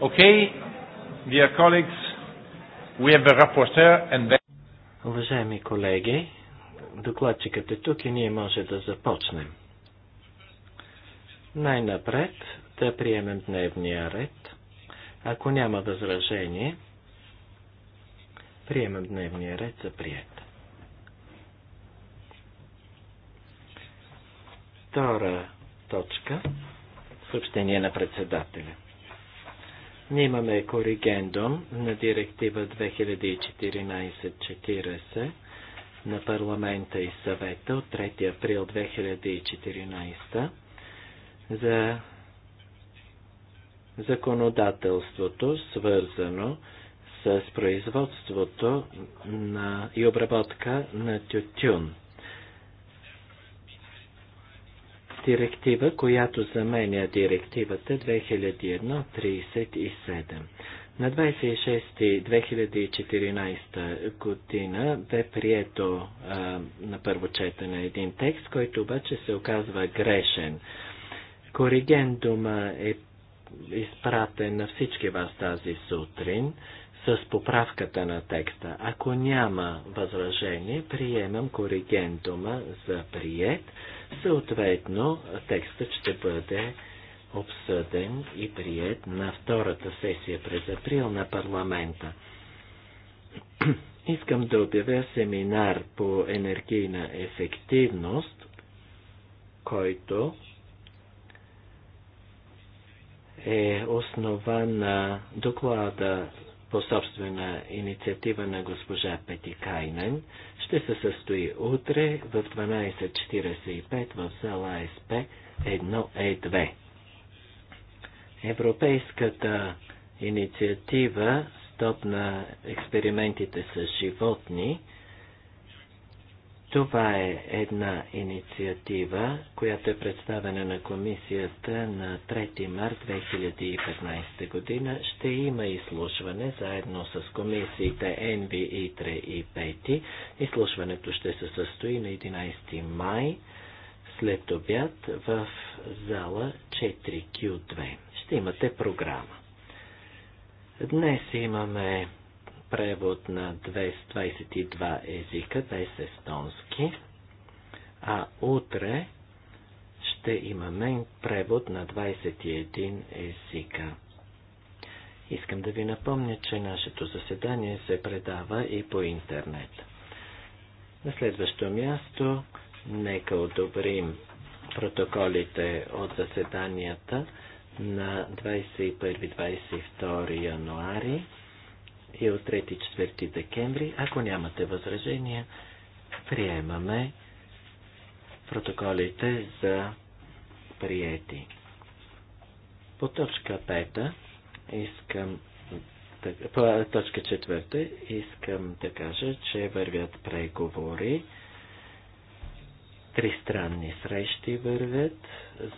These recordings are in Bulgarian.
Okay, dear colleagues, we have a rapporteur and then... Уважаеми колеги, докладчикът е тук и ние може да започнем. Най-напред да приемем дневния ред. Ако няма възражение, приемем дневния ред за прият. Втора точка. Съобщение на председателя. Ние имаме коригендум на директива 2014-40 на парламента и съвета от 3 април 2014 за законодателството, свързано с производството на и обработка на тютюн. директива, която заменя директивата 2001-37. На 26.2014 година бе прието а, на първо четене един текст, който обаче се оказва грешен. Коригендума е изпратен на всички вас тази сутрин с поправката на текста. Ако няма възражение, приемам коригендума за прият. Съответно, текстът ще бъде обсъден и прият на втората сесия през април на парламента. Искам да обявя семинар по енергийна ефективност, който е основан на доклада по собствена инициатива на госпожа Пети Кайнен ще се състои утре в 12.45 в зала СП 1Е2. Е Европейската инициатива Стоп на експериментите с животни – това е една инициатива, която е представена на комисията на 3 март 2015 година. Ще има изслушване заедно с комисиите и 3 и 5. Изслушването ще се състои на 11 май след обяд в зала 4Q2. Ще имате програма. Днес имаме превод на 22 езика, днес естонски, а утре ще имаме превод на 21 езика. Искам да ви напомня, че нашето заседание се предава и по интернет. На следващо място, нека одобрим протоколите от заседанията на 21-22 януари и е от 3-4 декември. Ако нямате възражения, приемаме протоколите за приети. По точка 5 искам по точка 4 искам да кажа, че вървят преговори. Тристранни срещи вървят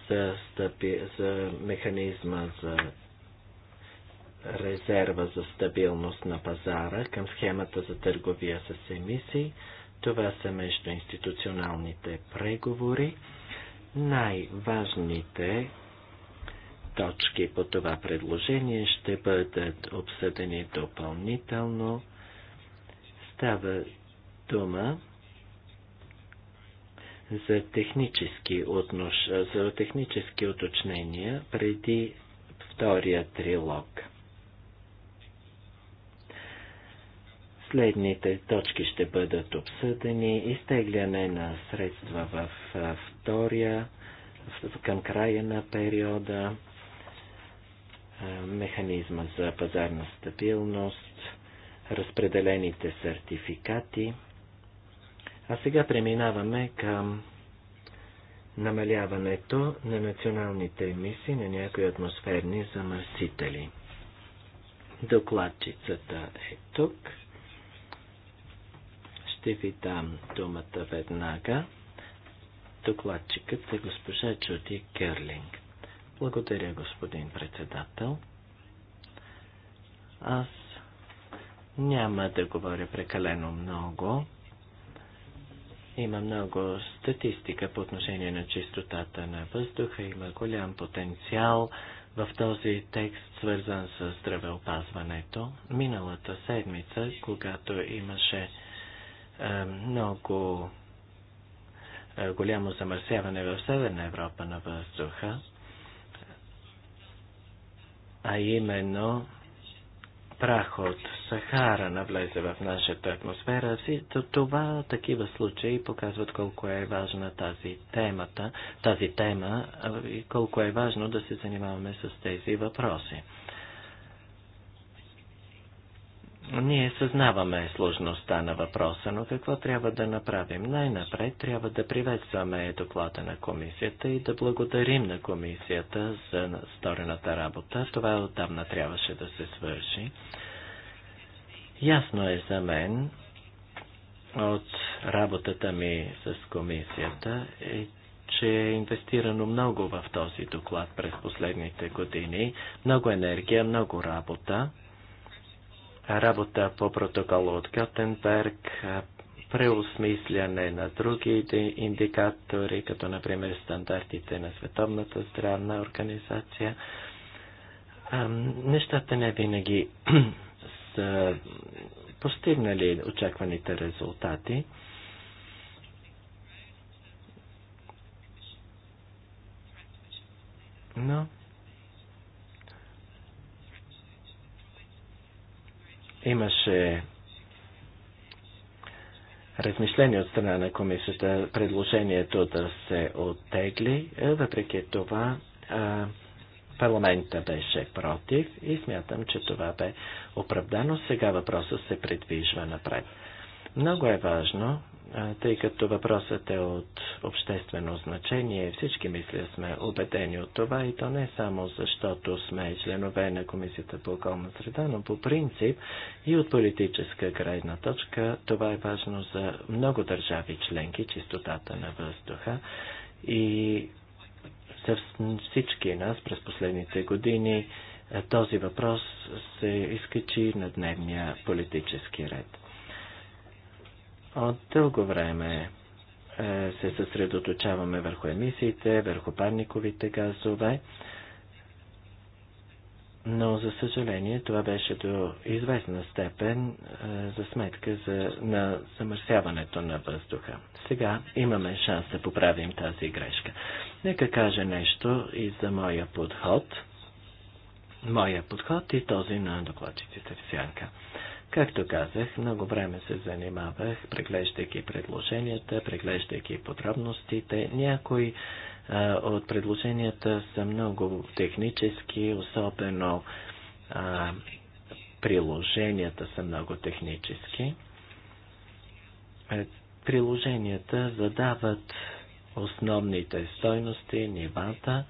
за, стъпи, за механизма за резерва за стабилност на пазара към схемата за търговия с емисии. Това са между институционалните преговори. Най-важните точки по това предложение ще бъдат обсъдени допълнително. Става дума за технически, отнош... за технически уточнения преди втория трилог. Следните точки ще бъдат обсъдени. Изтегляне на средства в втория, към края на периода, механизма за пазарна стабилност, разпределените сертификати. А сега преминаваме към намаляването на националните емисии на някои атмосферни замърсители. Докладчицата е тук. Ще ви дам думата веднага. Докладчикът е госпожа Джуди Керлинг. Благодаря, господин председател. Аз няма да говоря прекалено много. Има много статистика по отношение на чистотата на въздуха. Има голям потенциал в този текст, свързан с здравеопазването. Миналата седмица, когато имаше е, много е, голямо замърсяване в Северна Европа на въздуха, а именно прах от Сахара навлезе в нашата атмосфера. Това такива случаи показват колко е важна тази темата, тази тема е, и колко е важно да се занимаваме с тези въпроси. Ние съзнаваме сложността на въпроса, но какво трябва да направим? Най-напред трябва да приветстваме доклада на комисията и да благодарим на комисията за сторената работа. Това отдавна трябваше да се свърши. Ясно е за мен от работата ми с комисията, е, че е инвестирано много в този доклад през последните години. Много енергия, много работа работа по протокола от Готенберг, преосмисляне на други индикатори, като например стандартите на Световната здравна организация. Нещата не винаги са постигнали очакваните резултати. Но Имаше размишление от страна на комисията предложението да се оттегли. Въпреки това парламента беше против и смятам, че това бе оправдано. Сега въпросът се придвижва напред. Много е важно тъй като въпросът е от обществено значение. Всички, мисля, сме убедени от това и то не само защото сме членове на Комисията по околна среда, но по принцип и от политическа крайна точка това е важно за много държави членки, чистотата на въздуха и за всички нас през последните години този въпрос се изкачи на дневния политически ред. От дълго време е, се съсредоточаваме върху емисиите, върху парниковите газове, но за съжаление това беше до известна степен е, за сметка за, на замърсяването на въздуха. Сега имаме шанс да поправим тази грешка. Нека кажа нещо и за моя подход. Моя подход и този на докладчиците в сянка. Както казах, много време се занимавах, преглеждайки предложенията, преглеждайки подробностите. Някои а, от предложенията са много технически, особено а, приложенията са много технически. Е, приложенията задават основните стойности, нивата.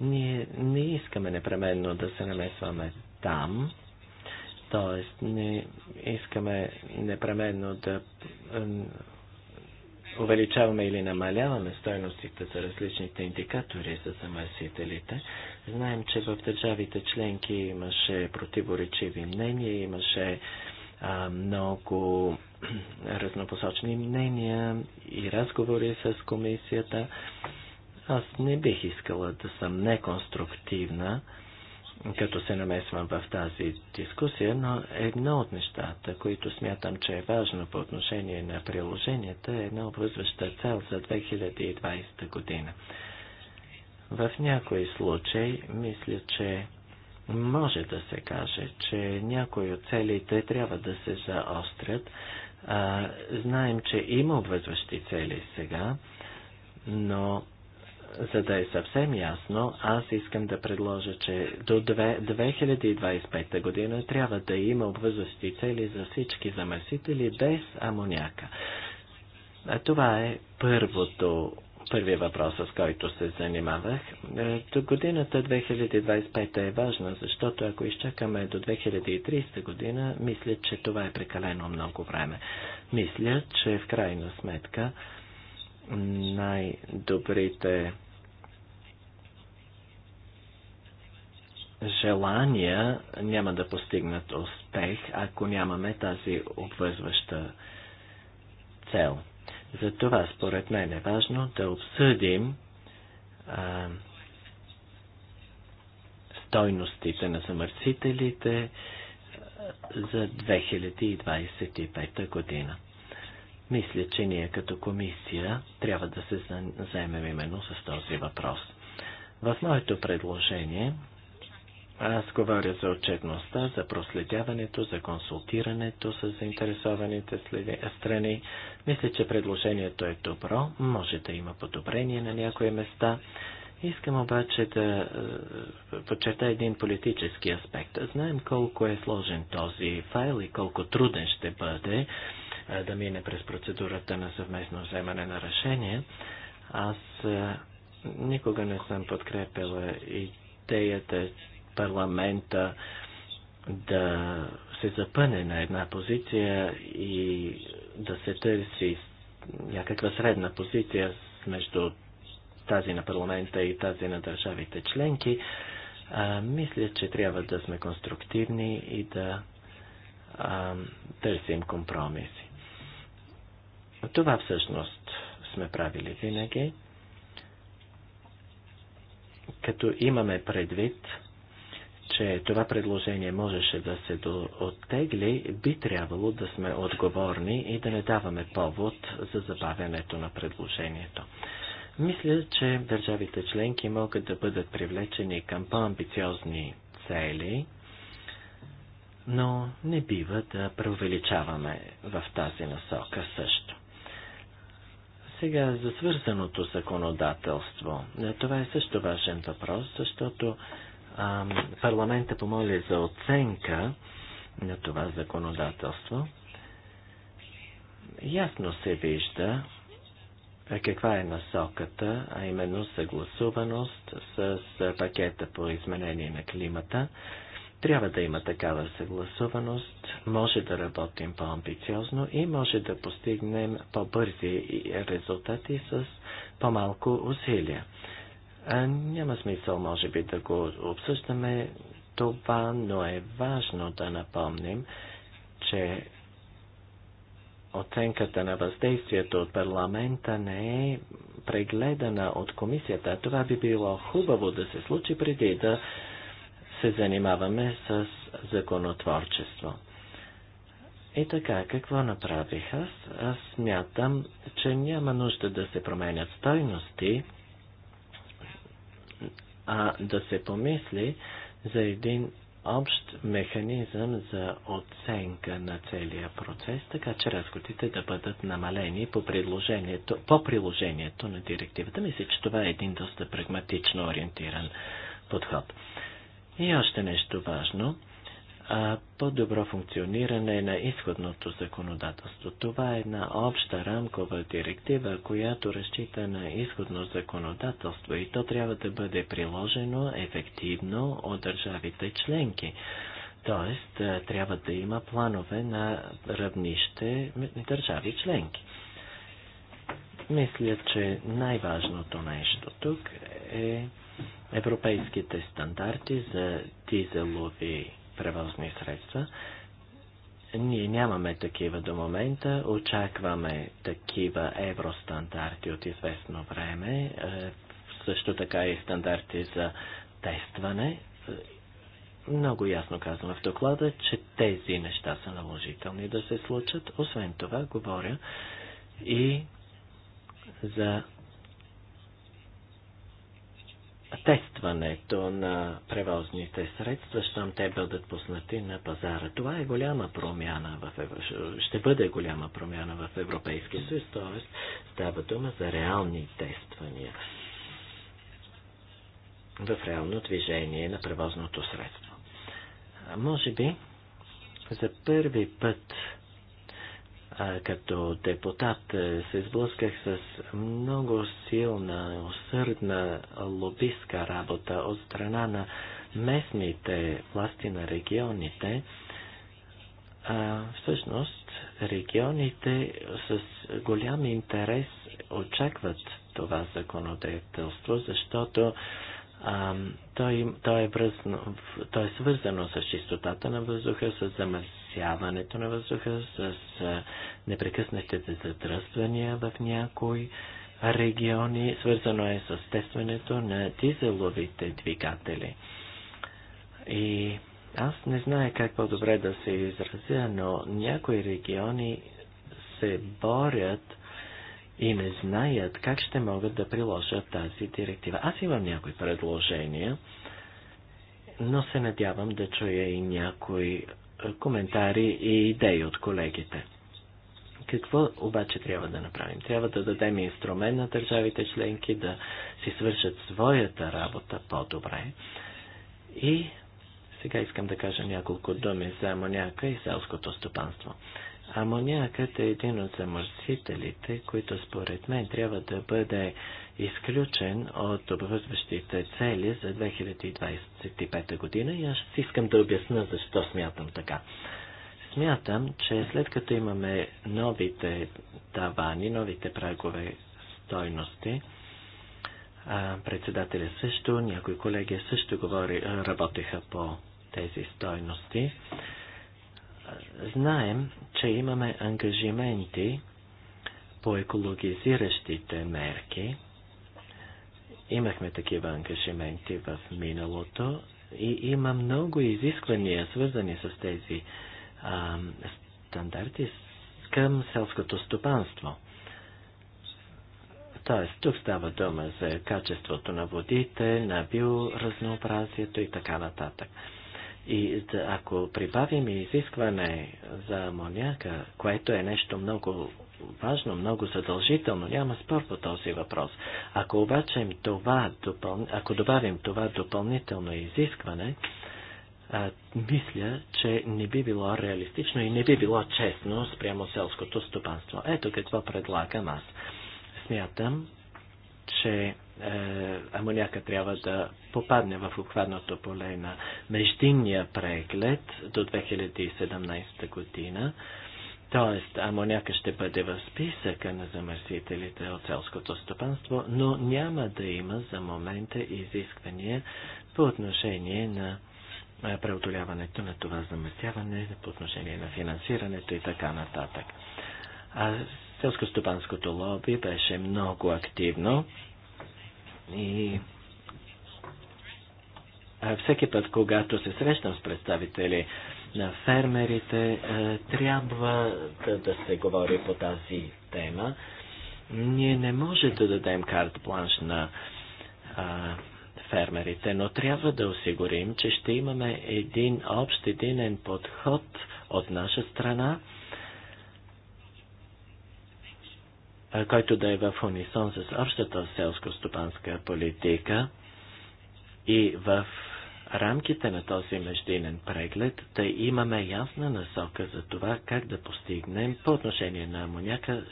Ние не искаме непременно да се намесваме там, Тоест, не искаме непременно да увеличаваме или намаляваме стойностите за различните индикатори за замърсителите. Знаем, че в държавите членки имаше противоречиви мнения, имаше а, много разнопосочни мнения и разговори с комисията. Аз не бих искала да съм неконструктивна като се намесвам в тази дискусия, но едно от нещата, които смятам, че е важно по отношение на приложенията, е една обвързваща цел за 2020 година. В някои случаи, мисля, че може да се каже, че някои от целите трябва да се заострят. А, знаем, че има обвързващи цели сега, но за да е съвсем ясно, аз искам да предложа, че до 2025 година трябва да има обвързващи цели за всички замърсители без амоняка. А това е първото, първи въпрос, с който се занимавах. Е, до годината 2025 е важна, защото ако изчакаме до 2030 година, мисля, че това е прекалено много време. Мисля, че в крайна сметка най-добрите желания няма да постигнат успех, ако нямаме тази обвързваща цел. Затова, според мен, е важно да обсъдим а, стойностите на замърсителите за 2025 година. Мисля, че ние като комисия трябва да се заемем именно с този въпрос. В моето предложение аз говоря за отчетността, за проследяването, за консултирането с заинтересованите страни. Мисля, че предложението е добро, може да има подобрение на някои места. Искам обаче да е, подчерта един политически аспект. Знаем колко е сложен този файл и колко труден ще бъде е, да мине през процедурата на съвместно вземане на решение. Аз е, никога не съм подкрепила идеята, парламента да се запъне на една позиция и да се търси някаква средна позиция между тази на парламента и тази на държавите членки, а, мисля, че трябва да сме конструктивни и да а, търсим компромиси. Това всъщност сме правили винаги, като имаме предвид, че това предложение можеше да се оттегли, би трябвало да сме отговорни и да не даваме повод за забавянето на предложението. Мисля, че държавите членки могат да бъдат привлечени към по-амбициозни цели, но не бива да преувеличаваме в тази насока също. Сега за свързаното законодателство. Това е също важен въпрос, защото а, парламента помоли за оценка на това законодателство. Ясно се вижда каква е насоката, а именно съгласуваност с пакета по изменение на климата. Трябва да има такава съгласуваност, може да работим по-амбициозно и може да постигнем по-бързи резултати с по-малко усилия. А, няма смисъл, може би, да го обсъждаме това, но е важно да напомним, че оценката на въздействието от парламента не е прегледана от комисията. Това би било хубаво да се случи преди да се занимаваме с законотворчество. И така, какво направих аз? Аз смятам, че няма нужда да се променят стойности, а да се помисли за един общ механизъм за оценка на целия процес, така че разходите да бъдат намалени по приложението, по приложението на директивата. Мисля, че това е един доста прагматично ориентиран подход. И още нещо важно по-добро функциониране на изходното законодателство. Това е една обща рамкова директива, която разчита на изходно законодателство и то трябва да бъде приложено ефективно от държавите членки. Тоест, трябва да има планове на равнище държави членки. Мисля, че най-важното нещо тук е европейските стандарти за дизелови превозни средства. Ние нямаме такива до момента, очакваме такива евростандарти от известно време, е, също така и стандарти за тестване. Много ясно казвам в доклада, че тези неща са наложителни да се случат. Освен това, говоря и за тестването на превозните средства, щом те бъдат пуснати на пазара. Това е голяма промяна в Ев... ще бъде голяма промяна в Европейския съюз, т.е. става дума за реални тествания в реално движение на превозното средство. Може би за първи път като депутат е, се сблъсках с много силна, усърдна лобистка работа от страна на местните власти на регионите. А, всъщност, регионите с голям интерес очакват това законодателство, защото а, то, им, то, е връзно, то е свързано с чистотата на въздуха, с замърсяването замърсяването на въздуха, с непрекъснатите задръствания в някои региони. Свързано е с тестването на дизеловите двигатели. И аз не зная как по-добре да се изразя, но някои региони се борят и не знаят как ще могат да приложат тази директива. Аз имам някои предложения, но се надявам да чуя и някои коментари и идеи от колегите. Какво обаче трябва да направим? Трябва да дадем инструмент на държавите членки да си свършат своята работа по-добре. И сега искам да кажа няколко думи за амоняка и селското стопанство. Амонякът е един от замърсителите, които според мен трябва да бъде изключен от обвързващите цели за 2025 година и аз искам да обясна защо смятам така. Смятам, че след като имаме новите тавани, новите прагове стойности, председателя също, някои колеги също говори, работеха по тези стойности. Знаем, че имаме ангажименти по екологизиращите мерки Имахме такива ангажименти в миналото и има много изисквания, свързани с тези а, стандарти към селското стопанство. Тоест, тук става дума за качеството на водите, на биоразнообразието и така нататък. И ако прибавим изискване за амоняка, което е нещо много важно, много задължително, няма спор по този въпрос. Ако обаче това, допъл... ако добавим това допълнително изискване, а, мисля, че не би било реалистично и не би било честно спрямо селското стопанство. Ето какво предлагам аз. Смятам, че е, амоняка трябва да попадне в обхватното поле на междинния преглед до 2017 година. Тоест, амоняка ще бъде в списъка на замърсителите от селското стопанство, но няма да има за момента изисквания по отношение на преодоляването на това замърсяване, по отношение на финансирането и така нататък. А селско-стопанското лоби беше много активно и всеки път, когато се срещам с представители на фермерите. Е, трябва да, да се говори по тази тема. Ние не може да дадем карт планш на а, фермерите, но трябва да осигурим, че ще имаме един общ единен подход от наша страна, който да е в унисон с общата селско-стопанска политика и в рамките на този междинен преглед да имаме ясна насока за това как да постигнем по отношение на амоняка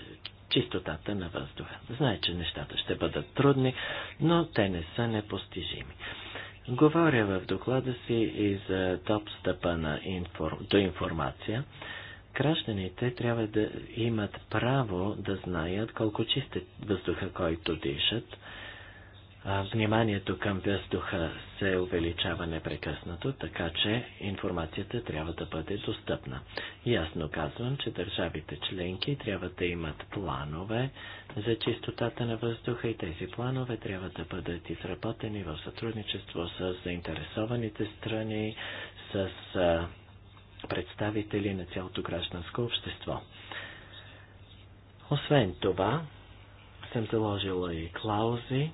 чистотата на въздуха. Знае, че нещата ще бъдат трудни, но те не са непостижими. Говоря в доклада си и за стъпа на инфор... до информация. Гражданите трябва да имат право да знаят колко чист е въздуха, който дишат, вниманието към въздуха се увеличава непрекъснато, така че информацията трябва да бъде достъпна. Ясно казвам, че държавите членки трябва да имат планове за чистотата на въздуха и тези планове трябва да бъдат изработени в сътрудничество с заинтересованите страни, с представители на цялото гражданско общество. Освен това, съм заложила и клаузи,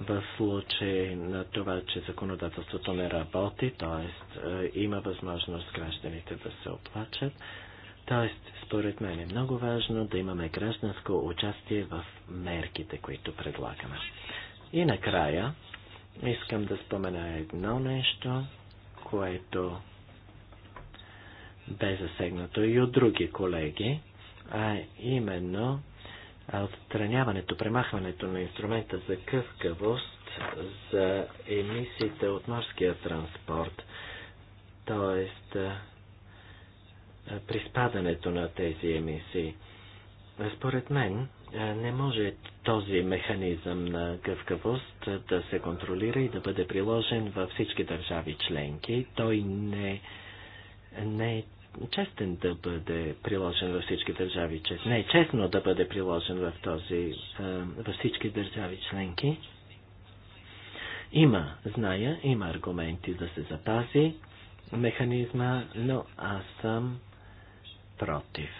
в случай на това, че законодателството не работи, т.е. Е, има възможност гражданите да се оплачат. Т.е. според мен е много важно да имаме гражданско участие в мерките, които предлагаме. И накрая искам да спомена едно нещо, което бе засегнато и от други колеги, а именно отстраняването, премахването на инструмента за къвкавост за емисиите от морския транспорт, т.е. приспадането на тези емисии. Според мен не може този механизъм на гъвкавост да се контролира и да бъде приложен във всички държави членки. Той не, не е честен да бъде приложен във всички държави. Чест... Не, честно да бъде приложен в този, във всички държави членки. Има, зная, има аргументи да се запази механизма, но аз съм против.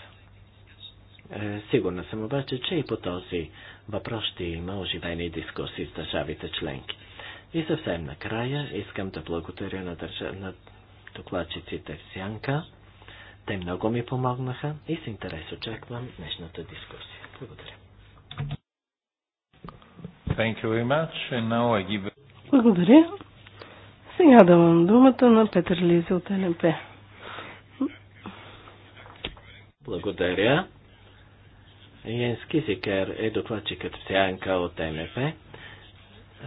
Е, сигурна съм обаче, че и по този въпрос ще има оживени дискусии с държавите членки. И съвсем накрая искам да благодаря на, държа... на докладчиците в Сянка. Те много ми помогнаха и с интерес очаквам днешната дискусия. Благодаря. Thank you very much. And now I give... Благодаря. Сега давам думата на Петър Лизи от НП. Благодаря. Йенски Зикер е докладчикът в Сянка от НП.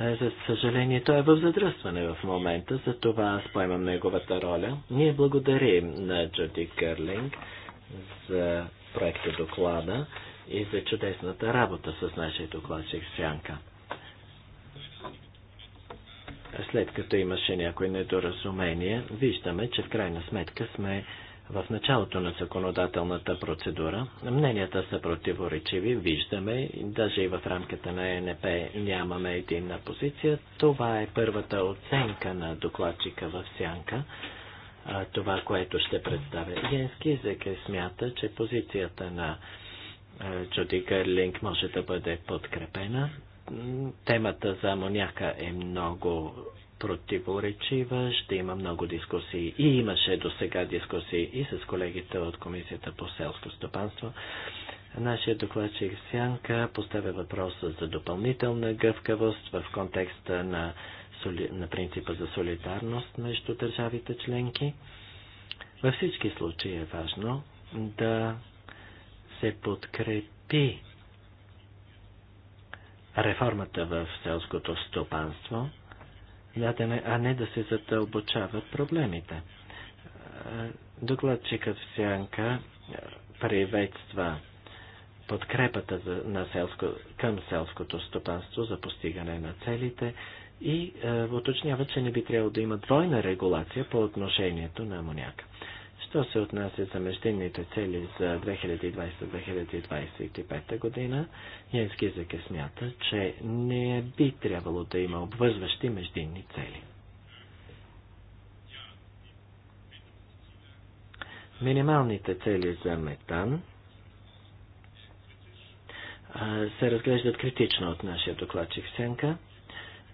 Е, за съжаление, той е в задръстване в момента, за това аз поемам неговата роля. Ние благодарим на Джуди Кърлинг за проекта доклада и за чудесната работа с нашия докладчик Сянка. След като имаше някои недоразумения, виждаме, че в крайна сметка сме в началото на законодателната процедура. Мненията са противоречиви, виждаме, даже и в рамката на ЕНП нямаме единна позиция. Това е първата оценка на докладчика в Сянка. Това, което ще представя Генски, е смята, че позицията на Джуди Гърлинг може да бъде подкрепена. Темата за амоняка е много противоречива, ще има много дискусии и имаше до сега дискусии и с колегите от Комисията по селско стопанство. Нашия докладчик Сянка поставя въпроса за допълнителна гъвкавост в контекста на, соли... на принципа за солидарност между държавите членки. Във всички случаи е важно да се подкрепи реформата в селското стопанство – ядене, а не да се задълбочават проблемите. Е, Докладчикът в Сянка е, приветства подкрепата за, на селско, към селското стопанство за постигане на целите и е, уточнява, че не би трябвало да има двойна регулация по отношението на амоняка. Що се отнася за междинните цели за 2020-2025 година, Янски язик е смята, че не би трябвало да има обвързващи междинни цели. Минималните цели за метан се разглеждат критично от нашия докладчик Сенка –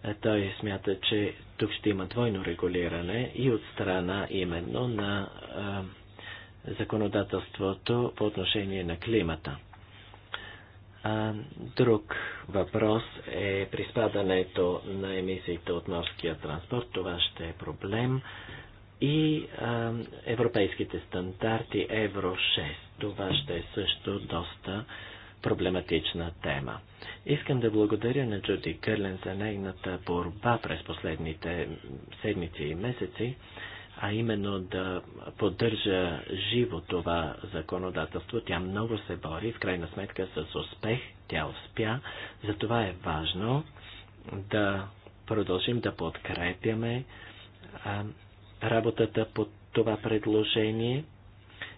е, той смята, че тук ще има двойно регулиране и от страна именно на законодателството по отношение на климата. Друг въпрос е приспадането на емисиите от морския транспорт. Това ще е проблем. И а, европейските стандарти Евро 6. Това ще е също доста проблематична тема. Искам да благодаря на Джуди Кърлен за нейната борба през последните седмици и месеци, а именно да поддържа живо това законодателство. Тя много се бори, в крайна сметка с успех, тя успя. Затова е важно да продължим да подкрепяме работата по това предложение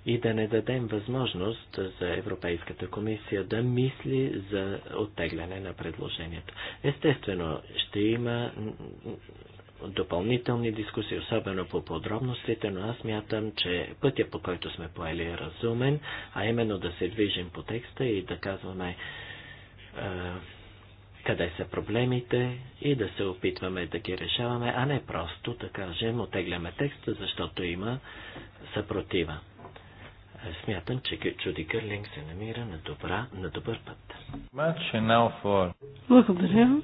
и да не дадем възможност за Европейската комисия да мисли за оттегляне на предложението. Естествено, ще има допълнителни дискусии, особено по подробностите, но аз мятам, че пътя по който сме поели е разумен, а именно да се движим по текста и да казваме е, къде са проблемите и да се опитваме да ги решаваме, а не просто да кажем, отегляме текста, защото има съпротива. Смятам, че Чуди Гърлинг се намира на, добра, на добър път. Благодаря.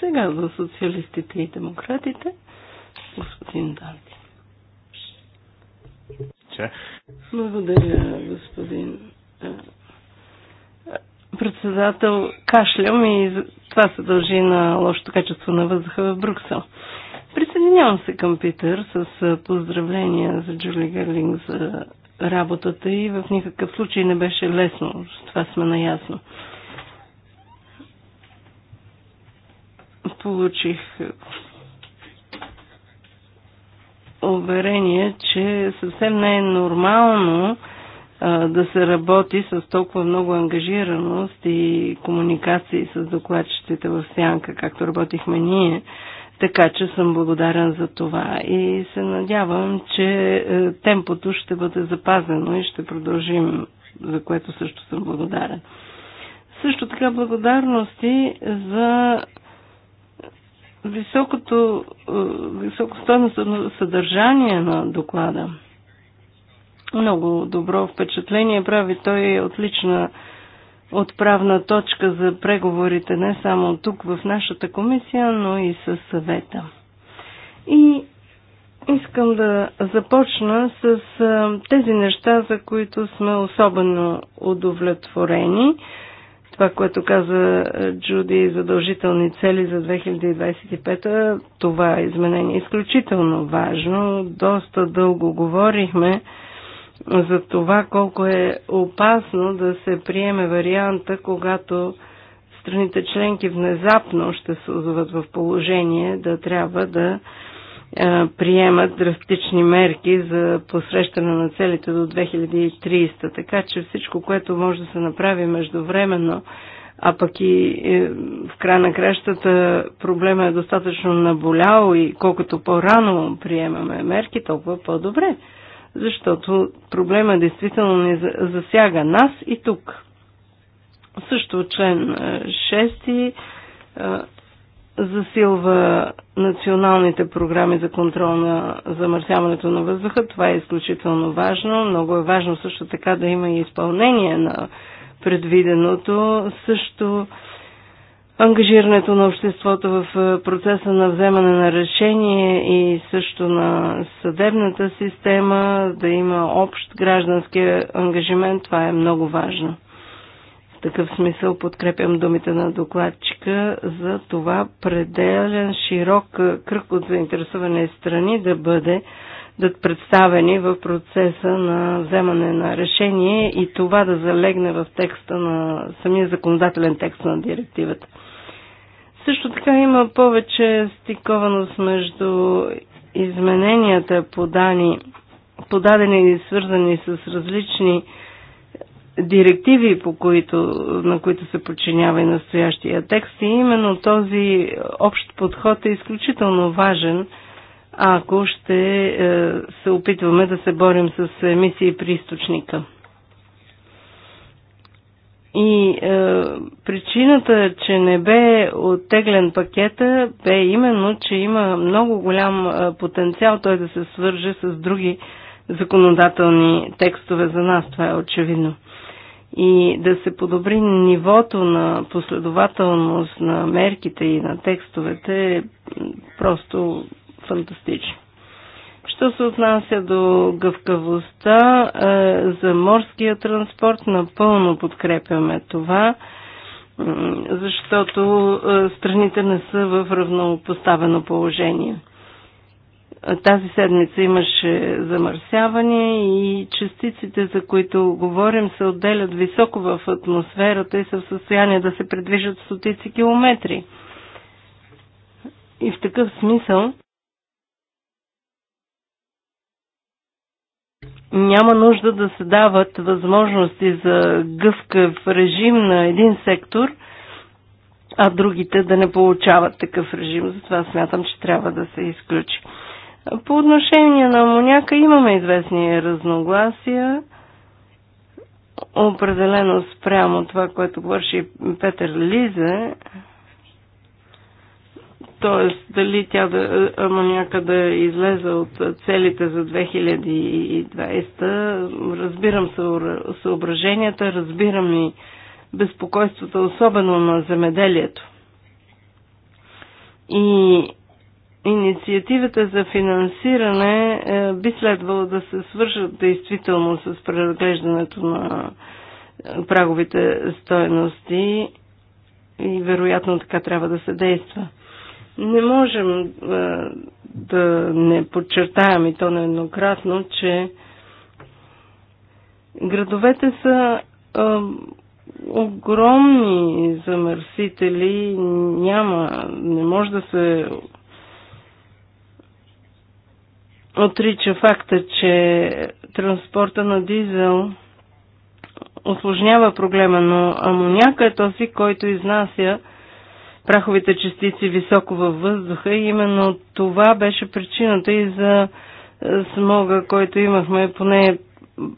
Сега за социалистите и демократите, господин Данти. Че? Благодаря, господин е, председател. Кашлям и това се дължи на лошото качество на въздуха в Брюксел. Присъединявам се към Питър с е, поздравления за Джули Гърлинг за работата и в никакъв случай не беше лесно. С това сме наясно. Получих уверение, че съвсем не е нормално а, да се работи с толкова много ангажираност и комуникации с докладчиците в сянка, както работихме ние. А, така че съм благодарен за това и се надявам, че е, темпото ще бъде запазено и ще продължим, за което също съм благодарен. Също така благодарности за високото, е, на съдържание на доклада. Много добро впечатление прави той е отлична отправна точка за преговорите не само тук в нашата комисия, но и със съвета. И искам да започна с тези неща, за които сме особено удовлетворени. Това, което каза Джуди, задължителни цели за 2025, това изменение е изключително важно. Доста дълго говорихме за това колко е опасно да се приеме варианта, когато страните членки внезапно ще се озоват в положение да трябва да приемат драстични мерки за посрещане на целите до 2300. Така че всичко, което може да се направи междувременно, а пък и е, в края на кращата проблема е достатъчно наболял и колкото по-рано приемаме мерки, толкова по-добре защото проблема действително не засяга нас и тук. Също член 6 е, е, засилва националните програми за контрол на замърсяването на въздуха. Това е изключително важно. Много е важно също така да има и изпълнение на предвиденото. Също ангажирането на обществото в е, процеса на вземане на решение и също на съдебната система, да има общ граждански ангажимент, това е много важно. В такъв смисъл подкрепям думите на докладчика за това пределен широк е, кръг от заинтересовани страни да бъде да представени в процеса на вземане на решение и това да залегне в текста на самия законодателен текст на директивата. Също така има повече стикованост между измененията подани, подадени и свързани с различни директиви, по които, на които се подчинява и настоящия текст. И именно този общ подход е изключително важен, ако ще е, се опитваме да се борим с емисии при източника. И е, причината, че не бе оттеглен пакета, бе именно, че има много голям е, потенциал той да се свърже с други законодателни текстове за нас. Това е очевидно. И да се подобри нивото на последователност на мерките и на текстовете е просто фантастично. Що се отнася до гъвкавостта е, за морския транспорт, напълно подкрепяме това, защото е, страните не са в равнопоставено положение. Тази седмица имаше замърсяване и частиците, за които говорим, се отделят високо в атмосферата и са в състояние да се предвижат стотици километри. И в такъв смисъл няма нужда да се дават възможности за гъвкав режим на един сектор, а другите да не получават такъв режим. Затова смятам, че трябва да се изключи. По отношение на амоняка имаме известни разногласия. Определено спрямо това, което върши Петър Лизе, Тоест, дали тя да, амоняка да излезе от целите за 2020, разбирам съображенията, разбирам и безпокойството, особено на земеделието. И инициативата за финансиране е, би следвало да се свършат действително с преразглеждането на е, праговите стоености и вероятно така трябва да се действа. Не можем е, да не подчертаем и то нееднократно, че градовете са е, огромни замърсители, няма, не може да се отрича факта, че транспорта на дизел осложнява проблема, но амоняка е този, който изнася праховите частици високо във въздуха и именно това беше причината и за е, смога, който имахме, поне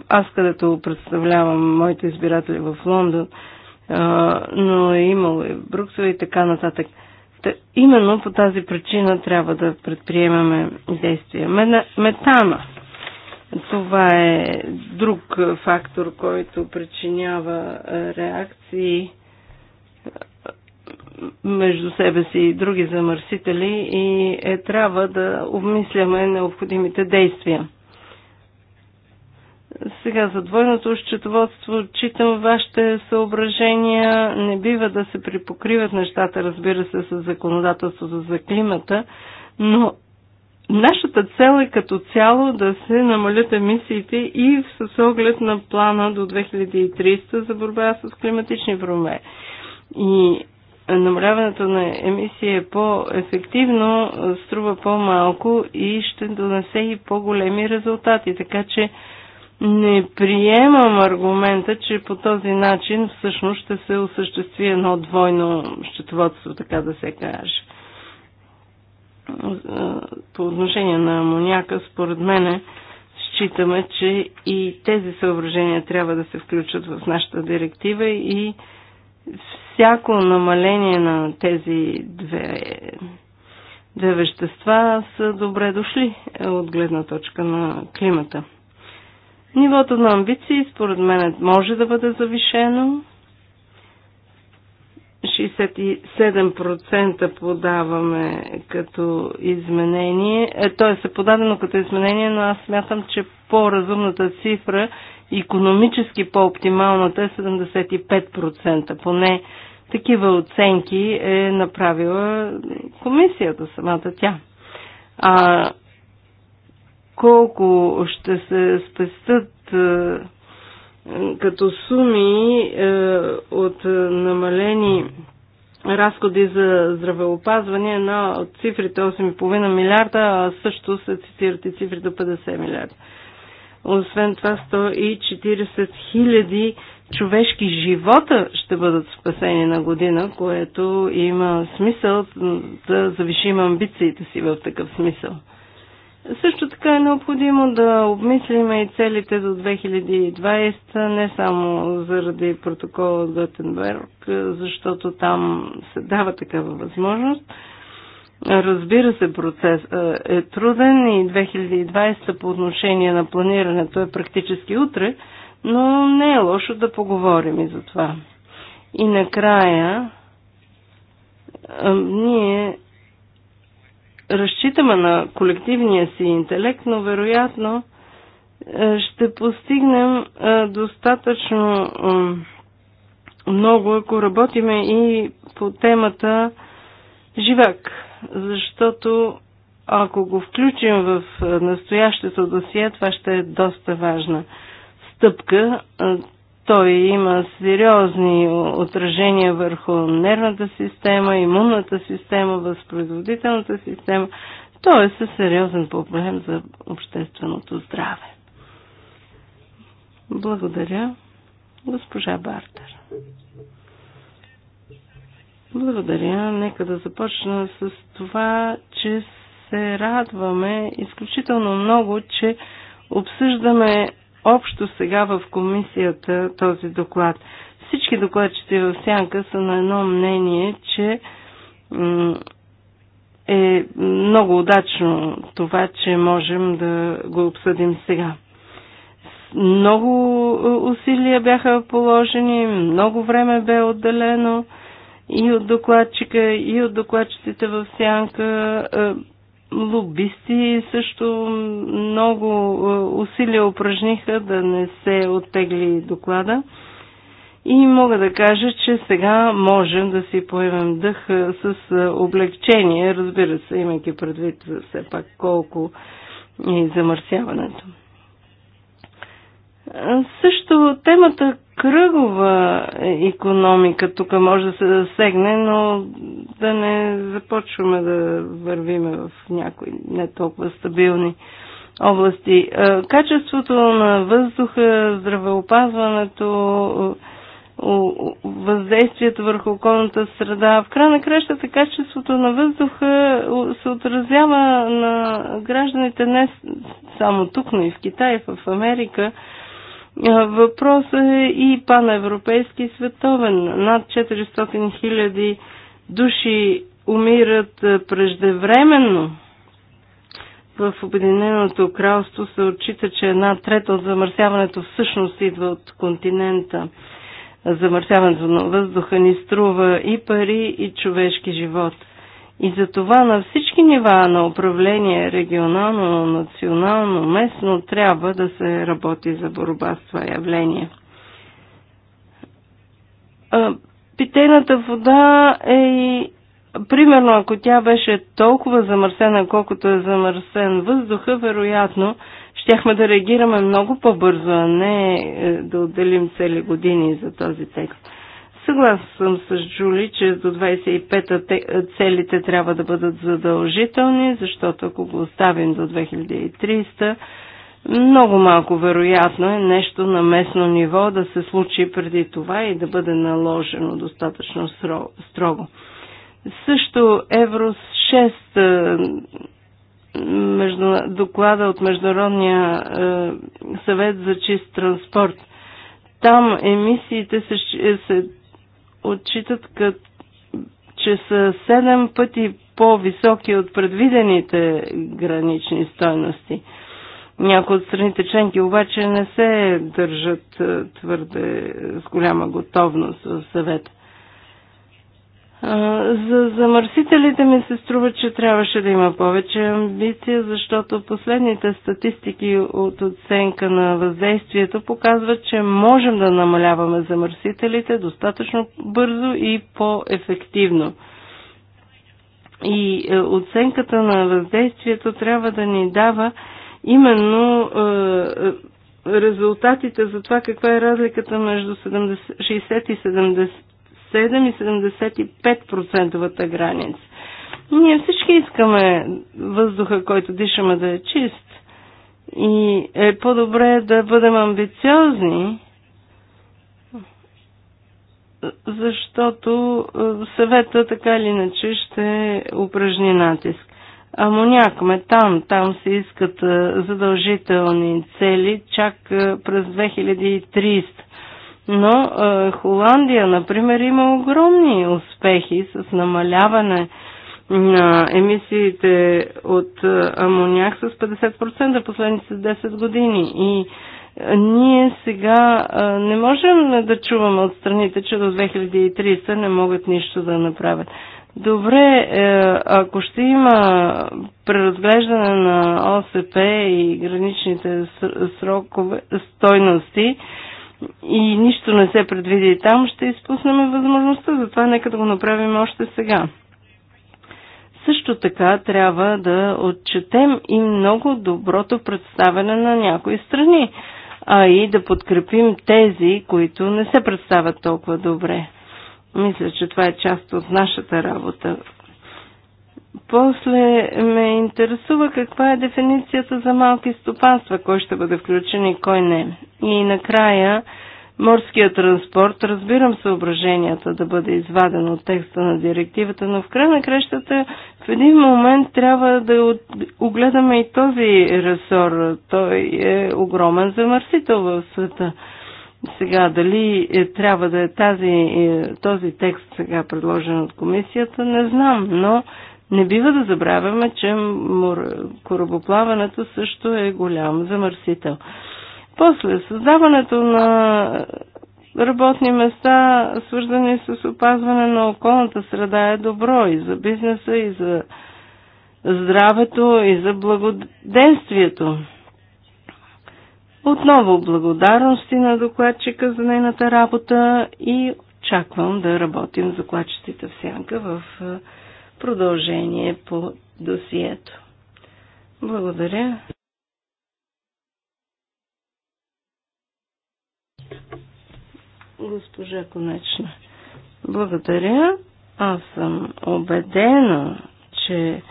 аз където представлявам моите избиратели в Лондон, е, но е имало и Бруксел и така нататък. именно по тази причина трябва да предприемаме действия. Метана. Това е друг фактор, който причинява е, реакции между себе си и други замърсители и е, трябва да обмисляме необходимите действия. Сега за двойното счетоводство читам вашите съображения. Не бива да се припокриват нещата, разбира се, с законодателството за климата, но нашата цел е като цяло да се намалят емисиите и с оглед на плана до 2030 за борба с климатични промени. И намаляването на емисии е по-ефективно, струва по-малко и ще донесе и по-големи резултати. Така че не приемам аргумента, че по този начин всъщност ще се осъществи едно двойно счетоводство, така да се каже. По отношение на амоняка, според мене, считаме, че и тези съображения трябва да се включат в нашата директива и всяко намаление на тези две, две вещества са добре дошли е, от гледна точка на климата. Нивото на амбиции, според мен, може да бъде завишено. 67% подаваме като изменение, е, то е подадено като изменение, но аз смятам, че по-разумната цифра економически по-оптималната е 75%. Поне такива оценки е направила комисията, самата тя. А колко ще се спестят е, като суми е, от намалени разходи за здравеопазване на от цифрите 8,5 милиарда, а също се цитират и цифрите 50 милиарда. Освен това 140 хиляди човешки живота ще бъдат спасени на година, което има смисъл да завишим амбициите си в такъв смисъл. Също така е необходимо да обмислиме и целите до 2020, не само заради протокола от Готенберг, защото там се дава такава възможност, Разбира се, процес е труден и 2020 по отношение на планирането е практически утре, но не е лошо да поговорим и за това. И накрая, ние разчитаме на колективния си интелект, но вероятно ще постигнем достатъчно много, ако работиме и по темата живак защото ако го включим в настоящето досие, това ще е доста важна стъпка. Той има сериозни отражения върху нервната система, имунната система, възпроизводителната система. Той е със сериозен проблем за общественото здраве. Благодаря, госпожа Бартер. Благодаря. Нека да започна с това, че се радваме изключително много, че обсъждаме общо сега в комисията този доклад. Всички докладчици в сянка са на едно мнение, че е много удачно това, че можем да го обсъдим сега. Много усилия бяха положени, много време бе отделено и от докладчика, и от докладчиците в сянка. Е, лобисти също много е, усилия упражниха да не се оттегли доклада. И мога да кажа, че сега можем да си поемем дъх е, с облегчение, разбира се, имайки предвид все пак колко е замърсяването. Също темата кръгова економика тук може да се засегне, но да не започваме да вървиме в някои не толкова стабилни области. Качеството на въздуха, здравеопазването, въздействието върху околната среда. В край на кращата качеството на въздуха се отразява на гражданите не само тук, но и в Китай, в Америка Въпросът е и паневропейски световен. Над 400 хиляди души умират преждевременно. В Обединеното кралство се отчита, че една трета от замърсяването всъщност идва от континента. Замърсяването на въздуха ни струва и пари, и човешки живот – и за това на всички нива на управление, регионално, национално, местно, трябва да се работи за борба с това явление. Питейната вода е и Примерно, ако тя беше толкова замърсена, колкото е замърсен въздуха, вероятно, щяхме да реагираме много по-бързо, а не е, да отделим цели години за този текст. Съгласен съм с Джули, че до 25-та целите трябва да бъдат задължителни, защото ако го оставим до 2300, много малко вероятно е нещо на местно ниво да се случи преди това и да бъде наложено достатъчно строго. Също Евро 6 е, между, доклада от Международния е, съвет за чист транспорт. Там емисиите се, се отчитат, кът, че са 7 пъти по-високи от предвидените гранични стойности. Някои от страните членки обаче не се държат е, твърде е, с голяма готовност в съвета. За замърсителите ми се струва, че трябваше да има повече амбиция, защото последните статистики от оценка на въздействието показват, че можем да намаляваме замърсителите достатъчно бързо и по-ефективно. И е, оценката на въздействието трябва да ни дава именно е, е, резултатите за това каква е разликата между 70, 60 и 70 7 граница. Ние всички искаме въздуха, който дишаме да е чист. И е по-добре да бъдем амбициозни, защото е, съвета така или иначе ще упражни натиск. Амоняк, метан, там се искат е, задължителни цели чак е, през 2030. Но е, Холандия, например, има огромни успехи с намаляване на емисиите от амоняк с 50% последните 10 години. И ние сега не можем да чуваме от страните, че до 2030 не могат нищо да направят. Добре, е, ако ще има преразглеждане на ОСП и граничните срокове, стойности, и нищо не се предвиди там, ще изпуснем възможността. Затова нека да го направим още сега. Също така трябва да отчетем и много доброто представяне на някои страни, а и да подкрепим тези, които не се представят толкова добре. Мисля, че това е част от нашата работа. После ме интересува каква е дефиницията за малки стопанства, кой ще бъде включен и кой не. И накрая морския транспорт. Разбирам съображенията да бъде изваден от текста на директивата, но в край на крещата в един момент трябва да огледаме и този ресор. Той е огромен замърсител в света. Сега, дали е, трябва да е тази, е, този текст сега предложен от комисията, не знам, но не бива да забравяме, че корабоплаването също е голям замърсител. После създаването на работни места, свързани с опазване на околната среда, е добро и за бизнеса, и за здравето, и за благоденствието. Отново благодарности на докладчика за нейната работа и очаквам да работим за докладчиците в сянка в продължение по досието. Благодаря. Госпожа Конечна, благодаря. Аз съм убедена, че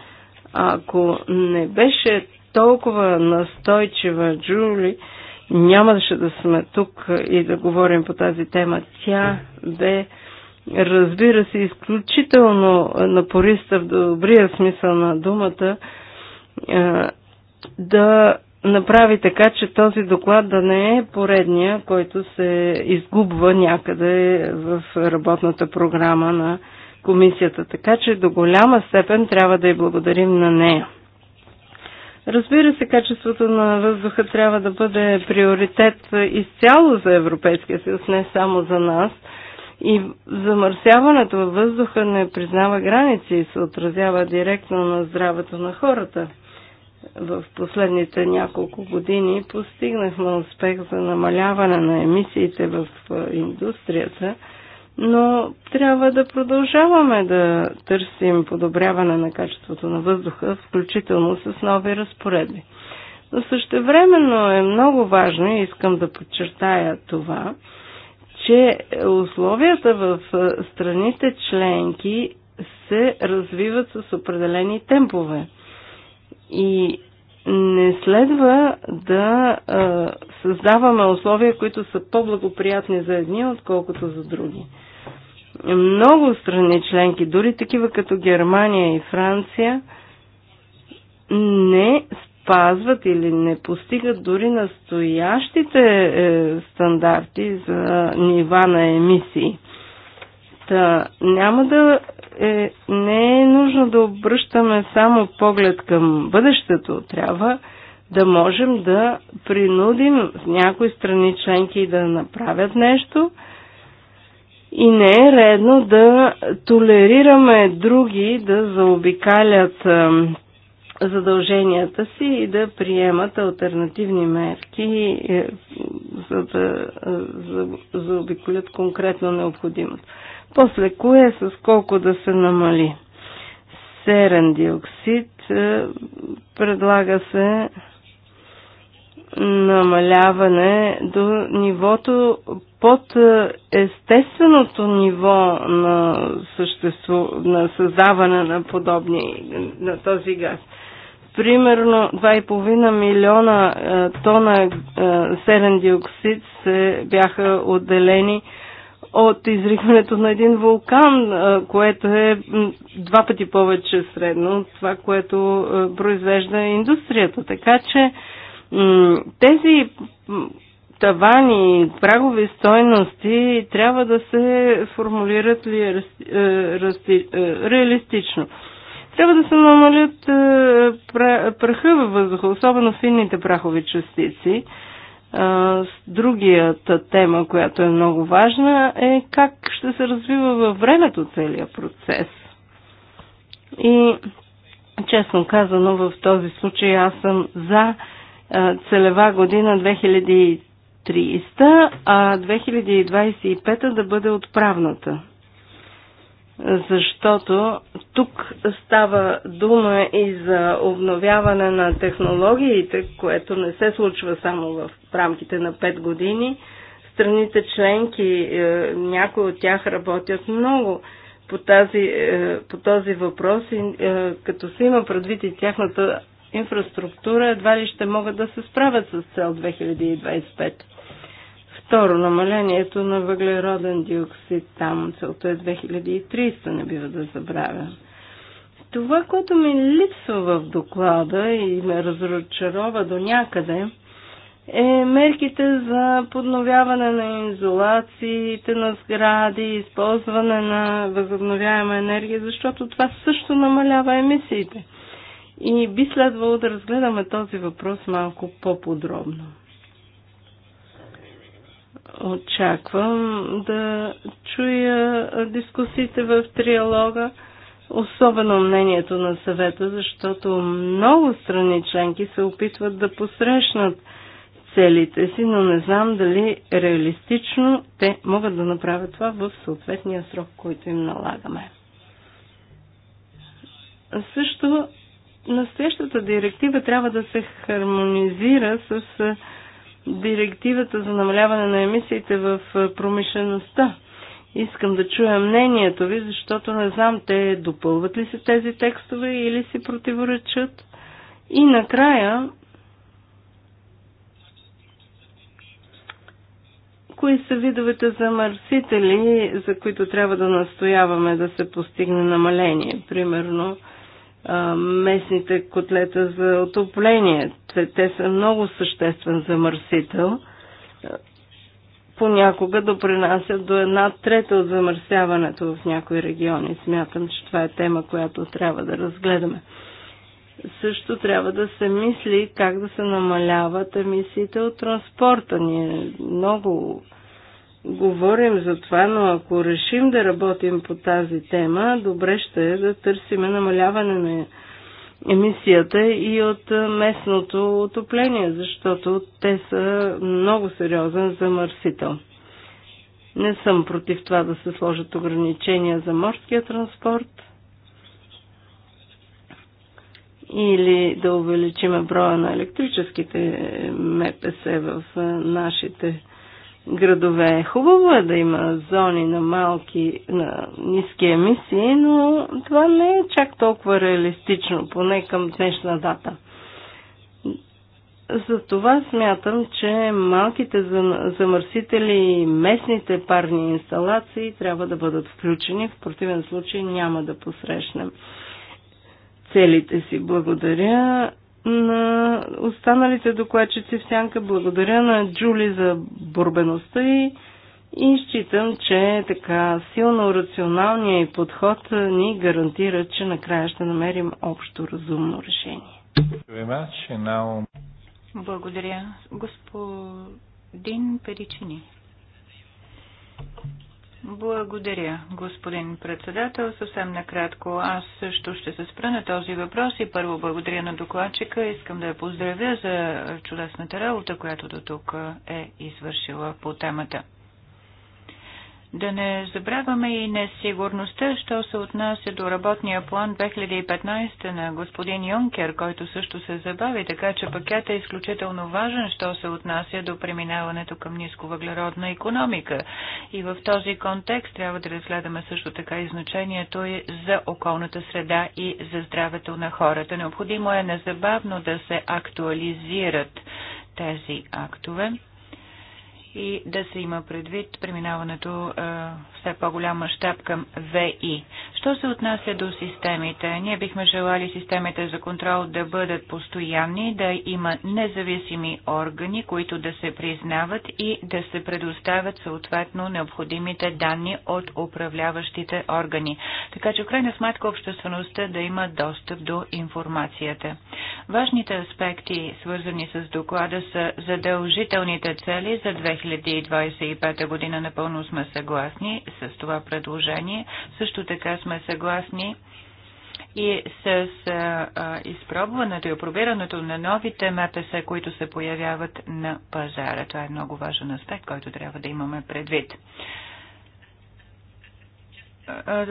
ако не беше толкова настойчива Джули, нямаше да сме тук и да говорим по тази тема. Тя бе разбира се, изключително напориста в добрия смисъл на думата, да направи така, че този доклад да не е поредния, който се изгубва някъде в работната програма на комисията. Така че до голяма степен трябва да й благодарим на нея. Разбира се, качеството на въздуха трябва да бъде приоритет изцяло за Европейския съюз, не само за нас – и замърсяването във въздуха не признава граници и се отразява директно на здравето на хората. В последните няколко години постигнахме успех за намаляване на емисиите в индустрията, но трябва да продължаваме да търсим подобряване на качеството на въздуха, включително с нови разпоредби. Но същевременно е много важно, и искам да подчертая това, че условията в страните членки се развиват с определени темпове. И не следва да а, създаваме условия, които са по-благоприятни за едни, отколкото за други. Много страни членки, дори такива като Германия и Франция, не спазват или не постигат дори настоящите е, стандарти за нива на емисии. Та, няма да е, не е нужно да обръщаме само поглед към бъдещето. Трябва да можем да принудим някои страни членки да направят нещо и не е редно да толерираме други да заобикалят задълженията си и да приемат альтернативни мерки, е, за да е, заобиколят за конкретно необходимост. После кое е с колко да се намали? Серен диоксид предлага се намаляване до нивото под естественото ниво на, същество, на създаване на подобни на този газ примерно 2,5 милиона е, тона е, серен диоксид се бяха отделени от изригването на един вулкан, е, което е два пъти повече средно от това, което произвежда индустрията. Така че тези тавани, прагови стойности трябва да се формулират ли реалистично. Трябва да се намалят е, праха във въздуха, особено финните прахови частици. Е, другията тема, която е много важна, е как ще се развива във времето целият процес. И честно казано, в този случай аз съм за е, целева година 2030, а 2025 да бъде отправната защото тук става дума и за обновяване на технологиите, което не се случва само в рамките на 5 години. Страните членки, е, някои от тях работят много по, тази, е, по този въпрос и е, като се има предвид и тяхната инфраструктура, едва ли ще могат да се справят с цел 2025. Второ, намалението на въглероден диоксид там. Целта е 2300, не бива да забравя. Това, което ми липсва в доклада и ме разочарова до някъде, е мерките за подновяване на изолациите на сгради, използване на възобновяема енергия, защото това също намалява емисиите. И би следвало да разгледаме този въпрос малко по-подробно. Очаквам да чуя дискусиите в триалога, особено мнението на съвета, защото много страни членки се опитват да посрещнат целите си, но не знам дали реалистично те могат да направят това в съответния срок, който им налагаме. Също настоящата директива трябва да се хармонизира с директивата за намаляване на емисиите в промишлеността. Искам да чуя мнението ви, защото не знам те допълват ли се тези текстове или си противоречат. И накрая, кои са видовете замърсители, за които трябва да настояваме да се постигне намаление? Примерно, местните котлета за отопление. Те, те са много съществен замърсител. Понякога допринасят до една трета от замърсяването в някои региони. Смятам, че това е тема, която трябва да разгледаме. Също трябва да се мисли как да се намаляват емисиите от транспорта. Ние много говорим за това, но ако решим да работим по тази тема, добре ще е да търсим намаляване на емисията и от местното отопление, защото те са много сериозен замърсител. Не съм против това да се сложат ограничения за морския транспорт или да увеличим броя на електрическите МПС в нашите градове. Хубаво е да има зони на малки, на ниски емисии, но това не е чак толкова реалистично, поне към днешна дата. Затова смятам, че малките замърсители и местните парни инсталации трябва да бъдат включени, в противен случай няма да посрещнем целите си. Благодаря на останалите докладчици в сянка. Благодаря на Джули за борбеността и, и считам, че така силно рационалния подход ни гарантира, че накрая ще намерим общо разумно решение. Благодаря. Господин Перичини. Благодаря, господин председател. Съвсем накратко, аз също ще се спра на този въпрос и първо благодаря на докладчика. Искам да я поздравя за чудесната работа, която до тук е извършила по темата. Да не забравяме и несигурността, що се отнася до работния план 2015 на господин Йонкер, който също се забави, така че пакет е изключително важен, що се отнася до преминаването към нисковъглеродна економика. И в този контекст трябва да разгледаме също така и значението и за околната среда и за здравето на хората. Необходимо е незабавно да се актуализират тези актове и да се има предвид преминаването а, е, все по-голям мащаб към ВИ. Що се отнася до системите? Ние бихме желали системите за контрол да бъдат постоянни, да има независими органи, които да се признават и да се предоставят съответно необходимите данни от управляващите органи. Така че в крайна сметка обществеността да има достъп до информацията. Важните аспекти, свързани с доклада, са задължителните цели за 2000 2025 година напълно сме съгласни с това предложение. Също така сме съгласни и с а, изпробването и опробирането на новите МПС, които се появяват на пазара. Това е много важен аспект, който трябва да имаме предвид.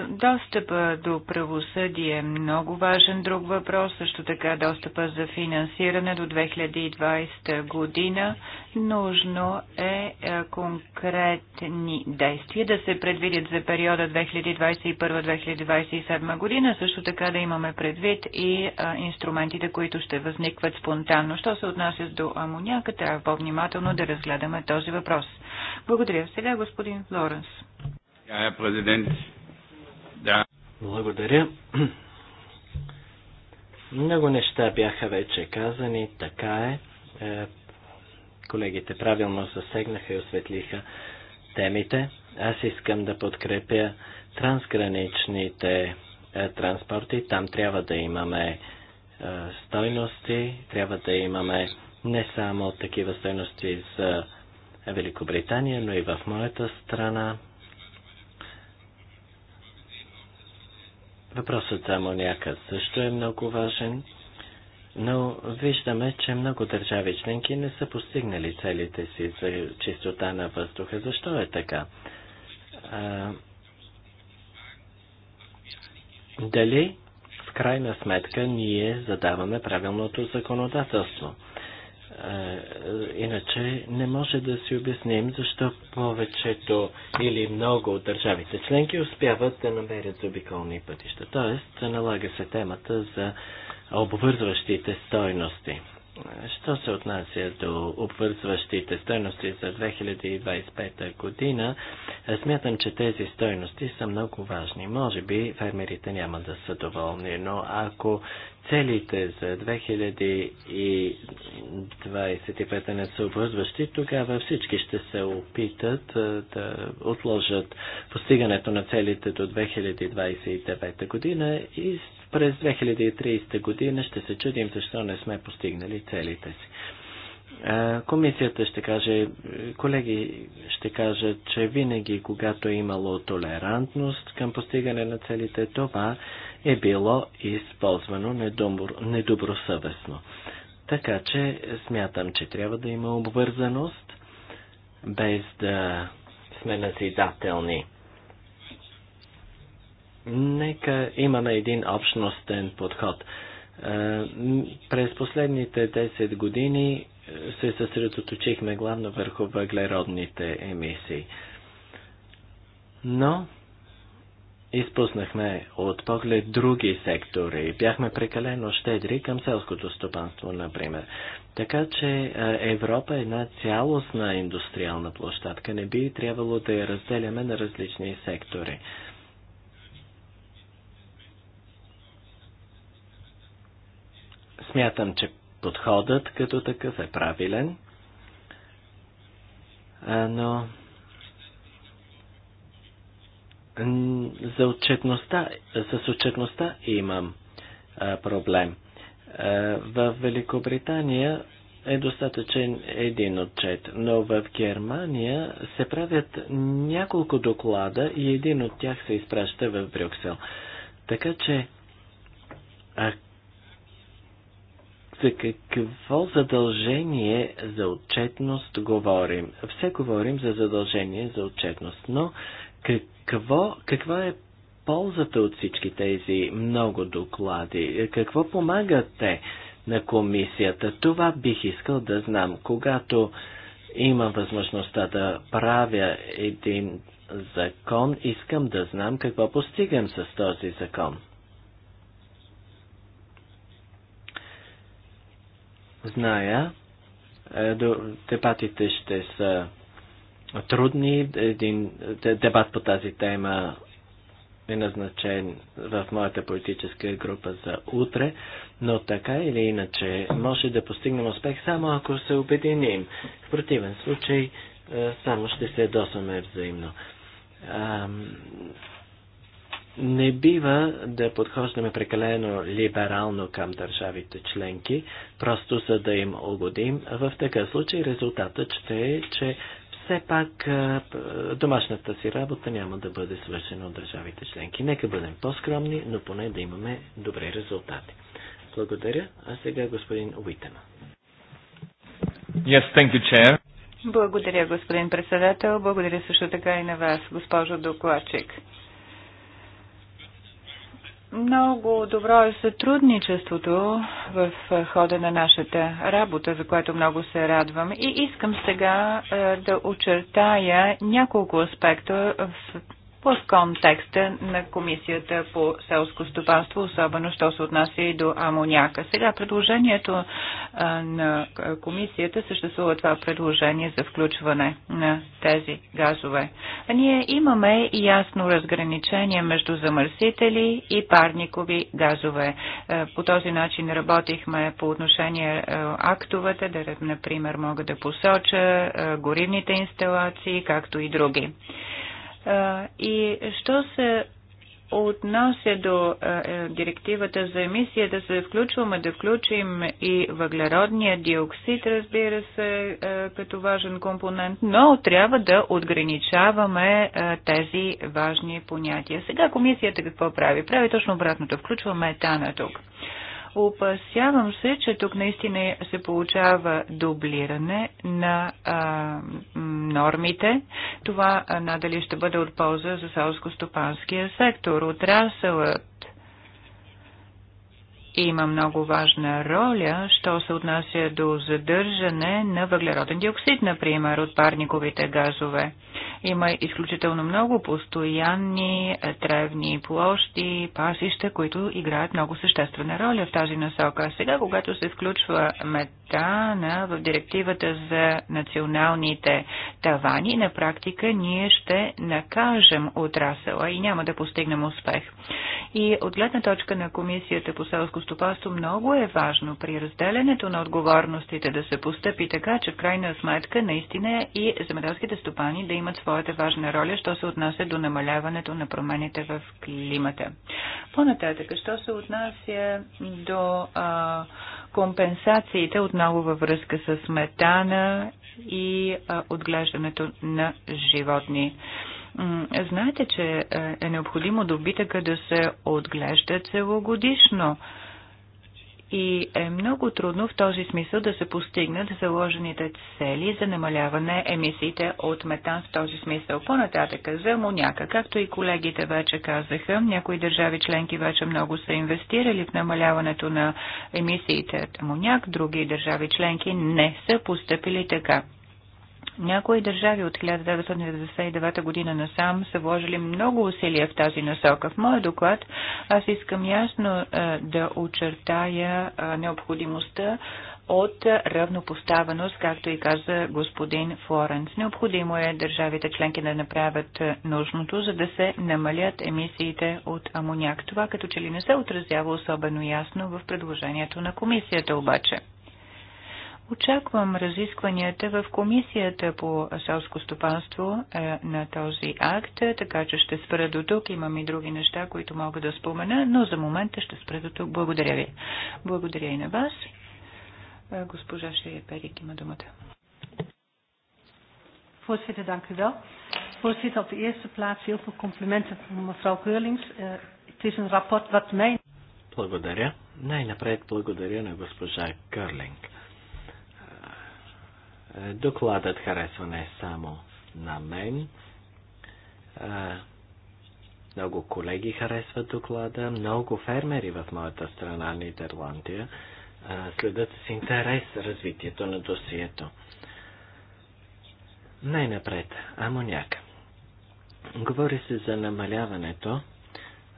Достъпа до правосъдие е много важен друг въпрос, също така достъпа за финансиране до 2020 година. Нужно е конкретни действия да се предвидят за периода 2021-2027 година, също така да имаме предвид и инструментите, които ще възникват спонтанно. Що се отнася до амоняка, трябва по-внимателно да разгледаме този въпрос. Благодаря. Сега господин Флоренс. Herr Präsident, благодаря. Много неща бяха вече казани, така е. е. Колегите правилно засегнаха и осветлиха темите. Аз искам да подкрепя трансграничните е, транспорти. Там трябва да имаме е, стойности, трябва да имаме не само такива стойности за Великобритания, но и в моята страна Въпросът за амоняка също е много важен, но виждаме, че много държави членки не са постигнали целите си за чистота на въздуха. Защо е така? А, дали в крайна сметка ние задаваме правилното законодателство? Е, иначе не може да си обясним защо повечето или много от държавите членки успяват да намерят заобиколни пътища. Тоест, налага се темата за обвързващите стойности. Що се отнася до обвързващите стойности за 2025 година, смятам, че тези стойности са много важни. Може би фермерите няма да са доволни, но ако целите за 2025 не са обвързващи, тогава всички ще се опитат да отложат постигането на целите до 2029 година и през 2030 година ще се чудим защо не сме постигнали целите си. Комисията ще каже, колеги ще кажат, че винаги когато е имало толерантност към постигане на целите, това е било използвано недобро, недобросъвестно. Така че смятам, че трябва да има обвързаност, без да сме назидателни. Нека имаме един общностен подход. Е, през последните 10 години се съсредоточихме главно върху въглеродните емисии. Но изпуснахме от поглед други сектори. Бяхме прекалено щедри към селското стопанство, например. Така че е, Европа е една цялостна индустриална площадка. Не би трябвало да я разделяме на различни сектори. Смятам, че подходът като такъв е правилен, е, но за отчетността, с отчетността имам а, проблем. В Великобритания е достатъчен един отчет, но в Германия се правят няколко доклада и един от тях се изпраща в Брюксел. Така че, а за какво задължение за отчетност говорим? Все говорим за задължение за отчетност, но какво, каква е ползата от всички тези много доклади? Какво помагат те на комисията? Това бих искал да знам. Когато има възможността да правя един закон, искам да знам какво постигам с този закон. Зная, е, дебатите ще са трудни. Един дебат по тази тема е назначен в моята политическа група за утре, но така или иначе може да постигнем успех само ако се обединим. В противен случай е, само ще се досваме взаимно. Не бива да подхождаме прекалено либерално към държавите членки, просто за да им угодим. В такъв случай резултатът ще е, че все пак домашната си работа няма да бъде свършена от държавите членки. Нека бъдем по-скромни, но поне да имаме добри резултати. Благодаря. А сега господин Уитема. Yes, thank you, chair. Благодаря, господин председател. Благодаря също така и на вас, госпожо докладчик. Много добро е сътрудничеството в хода на нашата работа, за което много се радвам. И искам сега е, да очертая няколко аспекта в в контекста на Комисията по селско стопанство, особено що се отнася и до амоняка. Сега предложението на Комисията съществува това предложение за включване на тези газове. А ние имаме ясно разграничение между замърсители и парникови газове. По този начин работихме по отношение актовете, да, например, мога да посоча горивните инсталации, както и други. И що се отнася до е, директивата за емисия, да се включваме, да включим и въглеродния диоксид, разбира се, като важен компонент, но трябва да отграничаваме тези важни понятия. Сега комисията какво прави? Прави точно обратното. Включваме етана тук. Опасявам се, че тук наистина се получава дублиране на а, нормите. Това надали ще бъде от полза за селско-стопанския сектор. Отрасълът има много важна роля, що се отнася до задържане на въглероден диоксид, например, от парниковите газове. Има изключително много постоянни е, тревни площи, пасища, които играят много съществена роля в тази насока. Сега, когато се включва метана в директивата за националните тавани, на практика ние ще накажем отрасъла и няма да постигнем успех. И от гледна точка на Комисията по селско стопанство много е важно при разделянето на отговорностите да се постъпи така, че в крайна сметка наистина и земеделските стопани да имат своя своята важна роля, що се отнася до намаляването на промените в климата. По-нататък, що се отнася до а, компенсациите, отново във връзка с метана и а, отглеждането на животни. Знаете, че е необходимо добитъка да се отглежда целогодишно и е много трудно в този смисъл да се постигнат заложените цели за намаляване емисиите от метан в този смисъл. По-нататъка за амоняка, както и колегите вече казаха, някои държави членки вече много са инвестирали в намаляването на емисиите от амоняк, други държави членки не са поступили така. Някои държави от 1999 година насам са вложили много усилия в тази насока. В моя доклад аз искам ясно е, да очертая е, необходимостта от равнопоставеност, както и каза господин Флоренс. Необходимо е държавите членки да направят е, нужното, за да се намалят емисиите от амоняк. Това като че ли не се отразява особено ясно в предложението на комисията обаче. Очаквам разискванията в Комисията по селско стопанство е, на този акт, е, така че ще спра до тук. Имам и други неща, които мога да спомена, но за момента ще спра до тук. Благодаря ви. Благодаря и на вас. Е, госпожа Перик има думата. Voorzitter, dank u wel. Voorzitter, op de eerste plaats heel veel complimenten van mevrouw Geurlings. Uh, het is een rapport wat mij... Благодаря. Най-напред благодаря на госпожа Кърлинг. Докладът харесва не само на мен. Много колеги харесват доклада, много фермери в моята страна, Нидерландия, следят с интерес развитието на досието. Най-напред, амоняк. Говори се за намаляването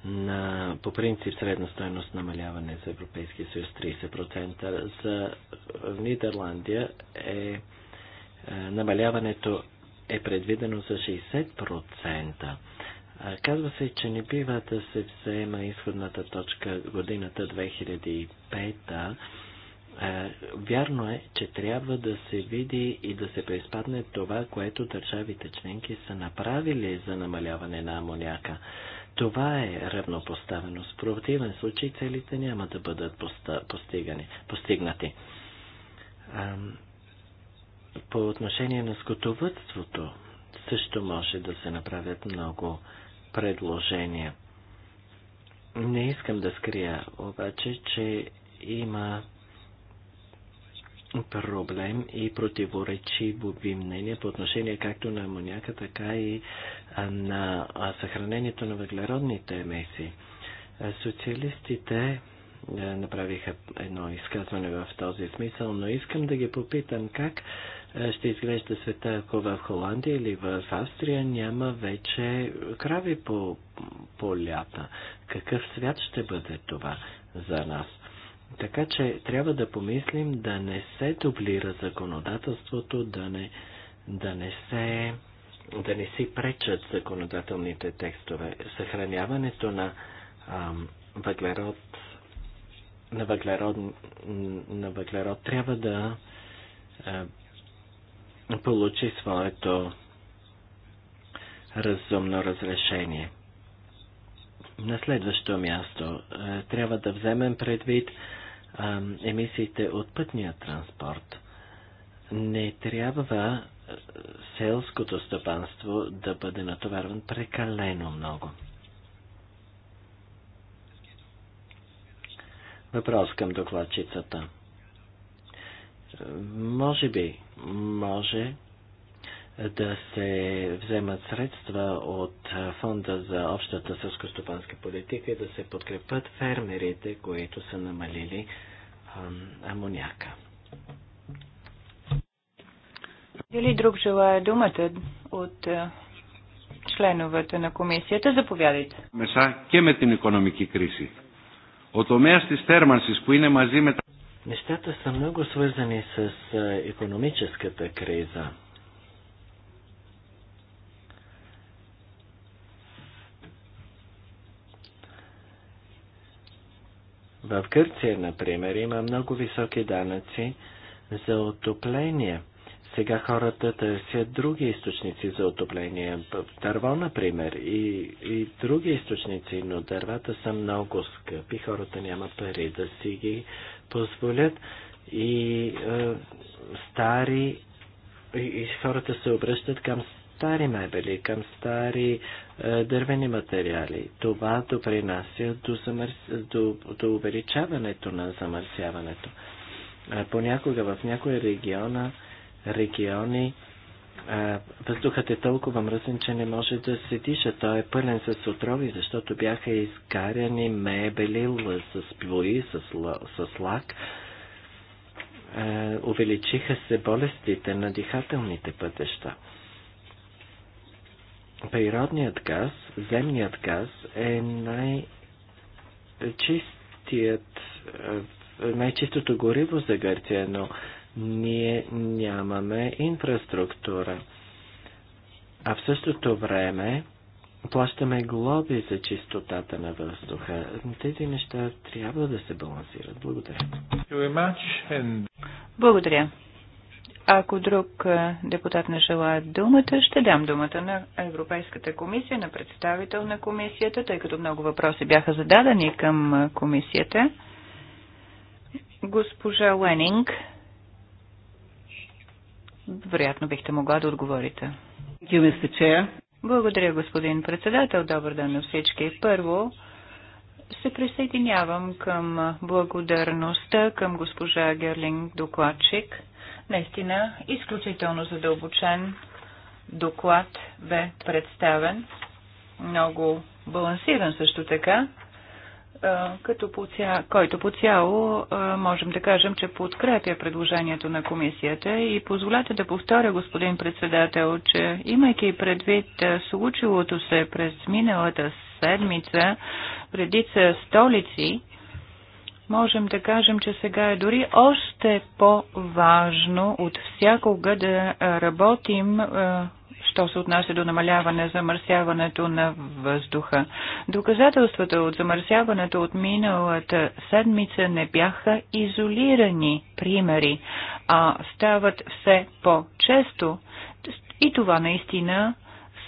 на, по принцип, средна стоеност намаляване за Европейския съюз 30%. За Нидерландия е намаляването е предвидено за 60%. Казва се, че не бива да се взема изходната точка годината 2005. Вярно е, че трябва да се види и да се преизпадне това, което държавите членки са направили за намаляване на амоняка. Това е равнопоставеност. В противен случай целите няма да бъдат постигани, постигнати. По отношение на скотовътството също може да се направят много предложения. Не искам да скрия обаче, че има проблем и противоречиви мнения по отношение както на амоняка, така и на съхранението на въглеродните емисии. Социалистите направиха едно изказване в този смисъл, но искам да ги попитам как е, ще изглежда света, ако в Холандия или в Австрия няма вече крави по, по лята. Какъв свят ще бъде това за нас? Така че трябва да помислим да не се дублира законодателството, да не, да не се да не си пречат законодателните текстове. Съхраняването на ам, въглерод на въглерод, на въглерод трябва да е, получи своето разумно разрешение. На следващо място е, трябва да вземем предвид е, емисиите от пътния транспорт. Не трябва е, селското стопанство да бъде натоварван прекалено много. Въпрос към докладчицата. Може би, може да се вземат средства от фонда за общата сълскостопанска политика и да се подкрепят фермерите, които са намалили амоняка. Дали друг желая думата от е, членовете на комисията? Заповядайте. Меса και με την οικονομική κρίση. Ο τομέας της θέρμανσης που είναι μαζί με Нещата са много свързани с економическата криза. В Гърция, например, има много високи данъци за отопление – сега хората търсят други източници за отопление. Дърво, например, и, и други източници, но дървата са много скъпи. Хората няма пари да си ги позволят. И е, стари. И, и хората се обръщат към стари мебели, към стари е, дървени материали. Това допринася до, замърс... до, до увеличаването на замърсяването. Е, понякога в някоя региона региони. Въздухът е толкова мръсен, че не може да се диша. Той е пълен с отрови, защото бяха изгаряни мебели с плои, с, с лак. Увеличиха се болестите на дихателните пътеща. Природният газ, земният газ е най-чистият, най-чистото гориво за Гърция, но ние нямаме инфраструктура. А в същото време плащаме глоби за чистотата на въздуха. Тези неща трябва да се балансират. Благодаря. Благодаря. Ако друг е, депутат не желая думата, ще дам думата на Европейската комисия, на представител на комисията, тъй като много въпроси бяха зададени към е, комисията. Госпожа Ленинг, вероятно бихте могла да отговорите. Благодаря, господин председател. Добър ден на всички. Първо, се присъединявам към благодарността към госпожа Герлинг докладчик. Наистина, изключително задълбочен доклад бе представен. Много балансиран също така като по ця... който по цяло можем да кажем, че подкрепя предложението на комисията и позволете да повторя, господин председател, че имайки предвид случилото се през миналата седмица редица столици, можем да кажем, че сега е дори още по-важно от всякога да работим що се отнася до намаляване замърсяването на въздуха. Доказателствата от замърсяването от миналата седмица не бяха изолирани примери, а стават все по-често и това наистина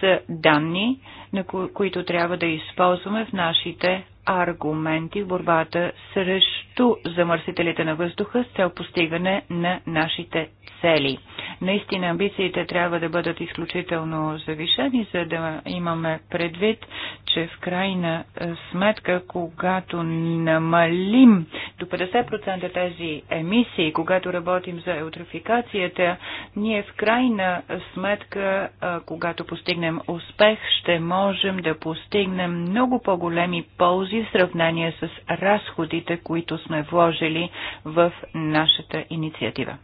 са данни, на ко- които трябва да използваме в нашите аргументи в борбата срещу замърсителите на въздуха с цел постигане на нашите цели. Наистина амбициите трябва да бъдат изключително завишени, за да имаме предвид, че в крайна е, сметка, когато намалим до 50% тези емисии, когато работим за еутрофикацията, ние в крайна сметка, е, когато постигнем успех, ще можем да постигнем много по-големи ползи в сравнение с разходите, които сме вложили в нашата инициатива.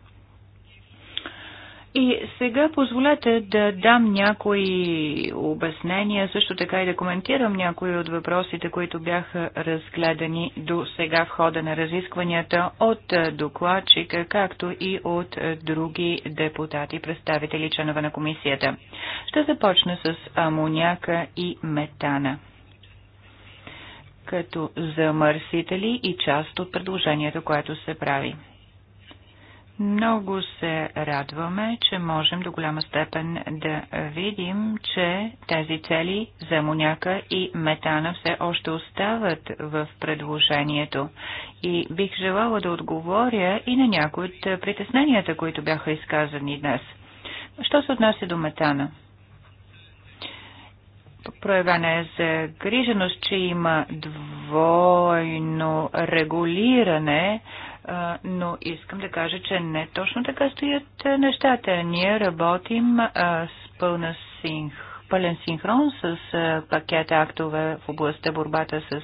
И сега позволете да дам някои обяснения, също така и да коментирам някои от въпросите, които бяха разгледани до сега в хода на разискванията от докладчика, както и от други депутати, представители, членове на комисията. Ще започна с амоняка и метана като замърсители и част от предложението, което се прави. Много се радваме, че можем до голяма степен да видим, че тези цели за амоняка и метана все още остават в предложението. И бих желала да отговоря и на някои от притесненията, които бяха изказани днес. Що се отнася до метана? проявена е загриженост, че има двойно регулиране но искам да кажа, че не точно така стоят нещата. Ние работим с пълна синх пълен синхрон с пакета актове в областта борбата с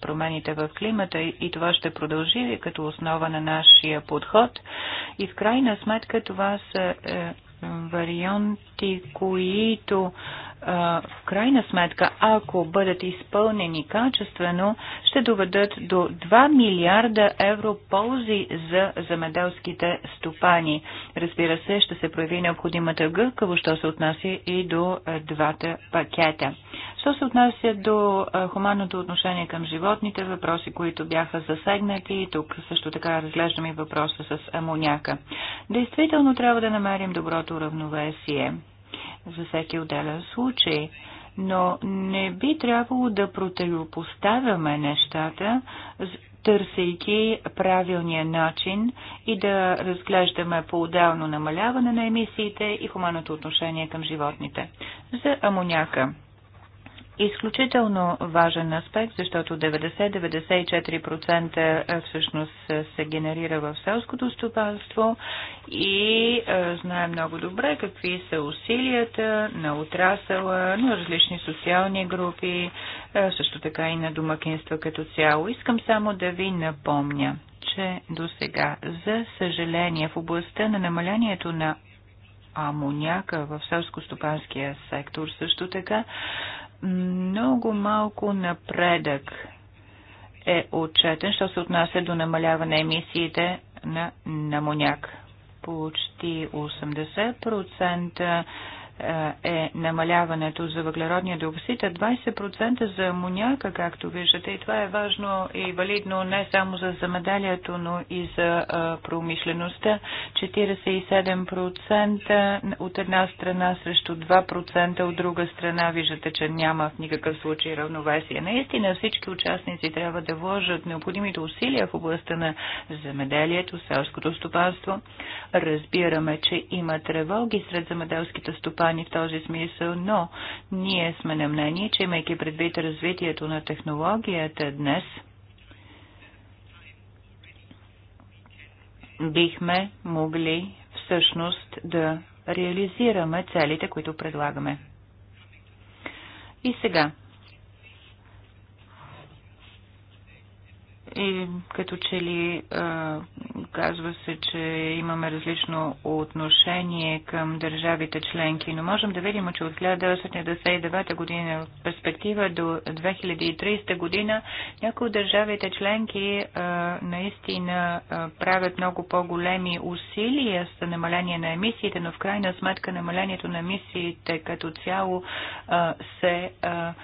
промените в климата и това ще продължи като основа на нашия подход. И в крайна сметка това са е, е, варианти, които в крайна сметка, ако бъдат изпълнени качествено, ще доведат до 2 милиарда евро ползи за замеделските стопани. Разбира се, ще се прояви необходимата гъвкаво, що се отнася и до двата пакета. Що се отнася до хуманното отношение към животните, въпроси, които бяха засегнати, и тук също така разглеждаме и въпроса с амоняка. Действително трябва да намерим доброто равновесие за всеки отделен случай. Но не би трябвало да противопоставяме нещата, търсейки правилния начин и да разглеждаме по-отделно намаляване на емисиите и хуманното отношение към животните. За амоняка изключително важен аспект, защото 90-94% всъщност се генерира в селското стопанство и е, знае много добре какви са усилията на отрасъла, на различни социални групи, е, също така и на домакинства като цяло. Искам само да ви напомня, че до сега, за съжаление, в областта на намалянието на амоняка в селско-стопанския сектор също така много малко напредък е отчетен, що се отнася до намаляване емисиите на, на моняк. Почти 80% е, е намаляването за въглеродния диоксид, а 20% за амоняка, както виждате. И това е важно и валидно не само за замеделието, но и за е, промишлеността. 47% от една страна срещу 2% от друга страна. Виждате, че няма в никакъв случай равновесие. Наистина всички участници трябва да вложат необходимите усилия в областта на замеделието, селското стопанство. Разбираме, че има тревоги сред замеделските стопанства компании в този смисъл, но ние сме на мнение, че имайки предвид развитието на технологията днес, бихме могли всъщност да реализираме целите, които предлагаме. И сега, И като че ли а, казва се, че имаме различно отношение към държавите членки, но можем да видим, че от 1999 година в перспектива до 2030 година някои от държавите членки а, наистина а, правят много по-големи усилия за намаление на емисиите, но в крайна сметка намалението на емисиите като цяло а, се а,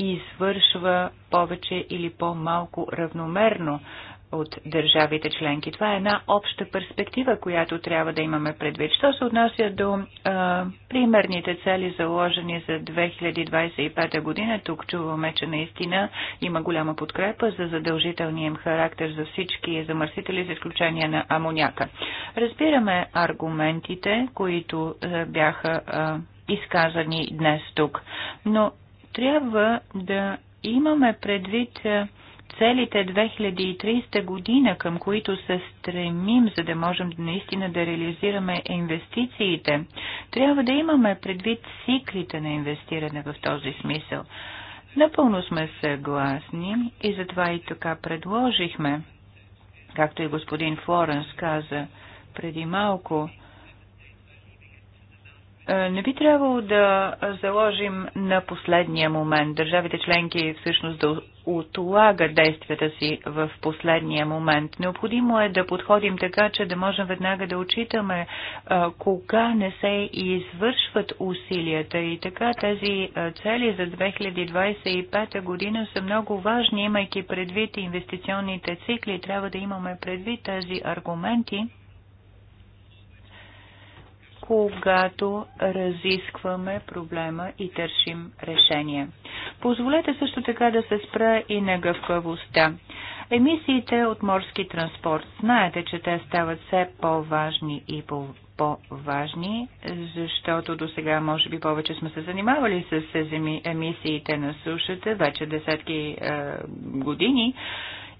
извършва повече или по-малко равномерно от държавите членки. Това е една обща перспектива, която трябва да имаме предвид. Що се отнася до а, примерните цели, заложени за 2025 година, тук чуваме, че наистина има голяма подкрепа за задължителния им характер за всички замърсители, за изключение на амоняка. Разбираме аргументите, които а, бяха. А, изказани днес тук. Но трябва да имаме предвид е, целите 2030 година, към които се стремим, за да можем наистина да реализираме инвестициите. Трябва да имаме предвид циклите на инвестиране в този смисъл. Напълно сме съгласни и затова и така предложихме, както и господин Флоренс каза преди малко, е, не би трябвало да заложим на последния момент. Държавите членки всъщност да отлага действията си в последния момент. Необходимо е да подходим така, че да можем веднага да очитаме а, е, кога не се извършват усилията и така тези е, цели за 2025 година са много важни, имайки предвид инвестиционните цикли. Трябва да имаме предвид тези аргументи когато разискваме проблема и търсим решение. Позволете също така да се спра и на гъвкавостта. Емисиите от морски транспорт. Знаете, че те стават все по-важни и по по-важни, защото до сега може би повече сме се занимавали с емисиите на сушата вече десетки е, години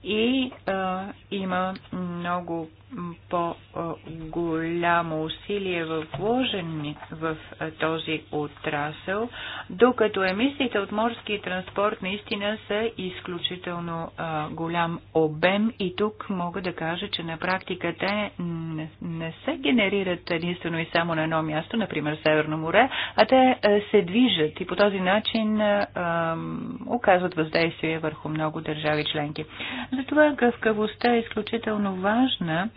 и е, има много по-голямо усилие в вложени в този отрасъл, докато емисиите от морски транспорт наистина са изключително голям обем и тук мога да кажа, че на практика те не се генерират единствено и само на едно място, например Северно море, а те се движат и по този начин оказват въздействие върху много държави членки. Затова гъвкавостта е изключително важна,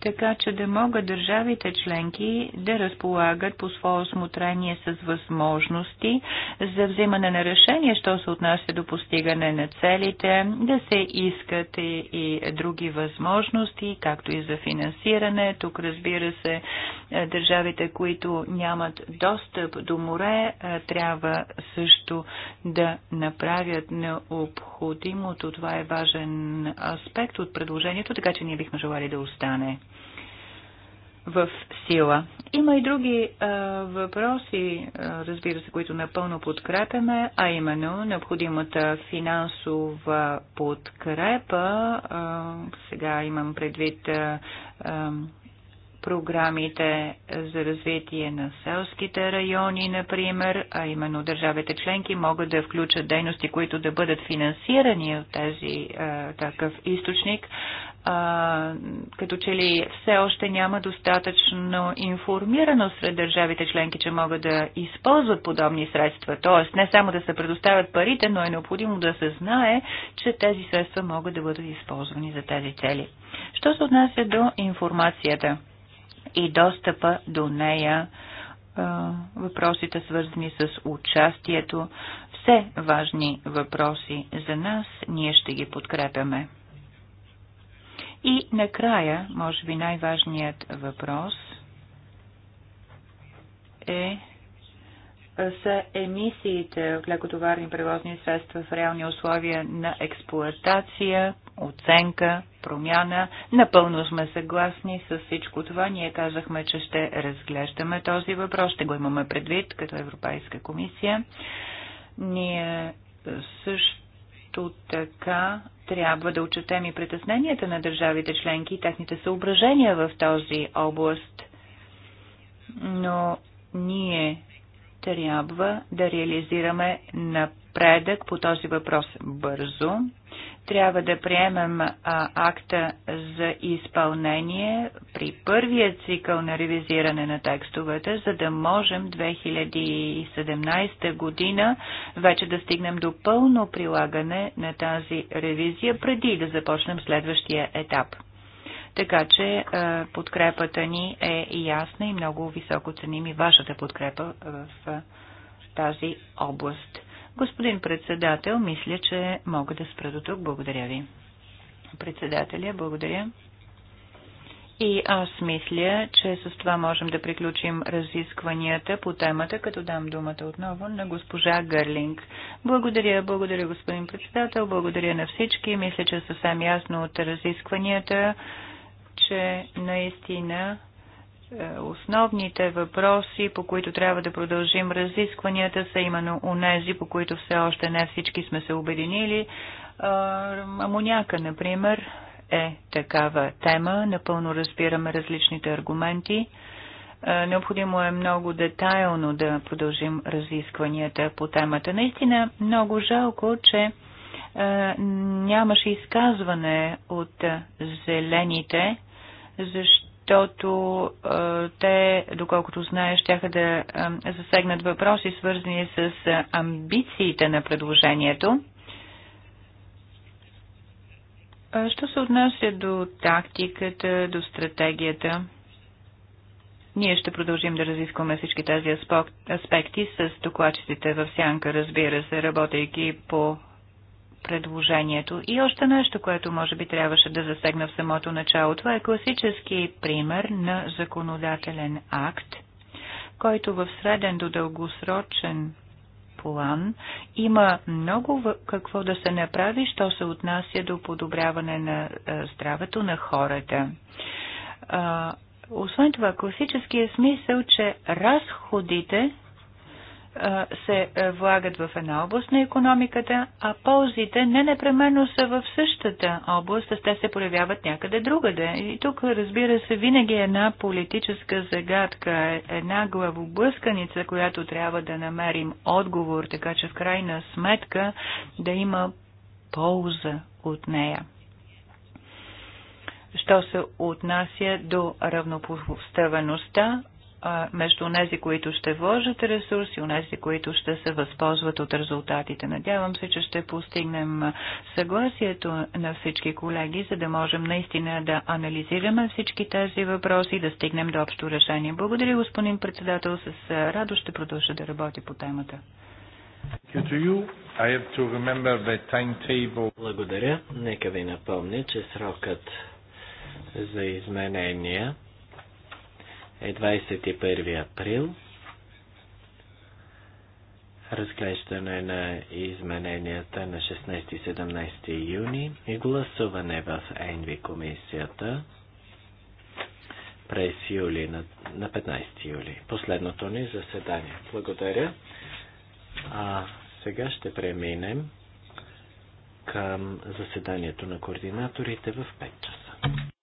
така че да могат държавите членки да разполагат по свое осмотрение с възможности за вземане на решение, що се отнася до постигане на целите, да се искат и, и други възможности, както и за финансиране. Тук разбира се, е, държавите, които нямат достъп до море, е, трябва също да направят необходимото. Това е важен аспект от предложението, така че ние бихме желали да остане в сила. Има и други а, въпроси, а, разбира се, които напълно подкрепяме, а именно необходимата финансова подкрепа. А, сега имам предвид а, а, програмите за развитие на селските райони, например, а именно държавите членки могат да включат дейности, които да бъдат финансирани от тези такъв източник а, като че ли все още няма достатъчно информираност сред държавите членки, че могат да използват подобни средства. Тоест не само да се предоставят парите, но е необходимо да се знае, че тези средства могат да бъдат използвани за тези цели. Що се отнася до информацията и достъпа до нея, въпросите свързани с участието, все важни въпроси за нас, ние ще ги подкрепяме. И накрая, може би най-важният въпрос е са емисиите от лекотоварни превозни средства в реални условия на експлоатация, оценка, промяна. Напълно сме съгласни с всичко това. Ние казахме, че ще разглеждаме този въпрос, ще го имаме предвид като Европейска комисия. Ние също също така трябва да отчетем и притесненията на държавите членки и техните съображения в този област. Но ние трябва да реализираме на напредък по този въпрос бързо. Трябва да приемем а, акта за изпълнение при първия цикъл на ревизиране на текстовете, за да можем 2017 година вече да стигнем до пълно прилагане на тази ревизия преди да започнем следващия етап. Така че а, подкрепата ни е ясна и много високо ценим и вашата подкрепа в тази област. Господин председател, мисля, че мога да спра до тук. Благодаря ви. Председателя, благодаря. И аз мисля, че с това можем да приключим разискванията по темата, като дам думата отново на госпожа Гърлинг. Благодаря, благодаря господин председател, благодаря на всички. Мисля, че е съвсем ясно от разискванията, че наистина е, основните въпроси, по които трябва да продължим разискванията, са именно унези, по които все още не всички сме се обединили. Е, амоняка, например, е такава тема. Напълно разбираме различните аргументи. Е, необходимо е много детайлно да продължим разискванията по темата. Наистина много жалко, че нямаше изказване от зелените, защото защото те, доколкото знае, тяха да засегнат въпроси, свързани с амбициите на предложението. Що се отнася до тактиката, до стратегията? Ние ще продължим да разискваме всички тези аспекти с докладчиците в сянка, разбира се, работейки по предложението. И още нещо, което може би трябваше да засегна в самото начало. Това е класически пример на законодателен акт, който в среден до дългосрочен план има много какво да се направи, що се отнася до подобряване на е, здравето на хората. Освен това, класическия смисъл, че разходите се влагат в една област на економиката, а ползите не непременно са в същата област, а те се появяват някъде другаде. И тук, разбира се, винаги е една политическа загадка, една главоблъсканица, която трябва да намерим отговор, така че в крайна сметка да има полза от нея що се отнася до равнопоставеността, между тези, които ще вложат ресурси и тези, които ще се възползват от резултатите. Надявам се, че ще постигнем съгласието на всички колеги, за да можем наистина да анализираме всички тези въпроси и да стигнем до общо решение. Благодаря, господин председател. С радост ще продължа да работя по темата. Благодаря. Нека ви напомня, че срокът за изменения е 21 април. Разглеждане на измененията на 16-17 юни и гласуване в ЕНВИ комисията през юли, на, на 15 юли. Последното ни заседание. Благодаря. А сега ще преминем към заседанието на координаторите в 5 часа.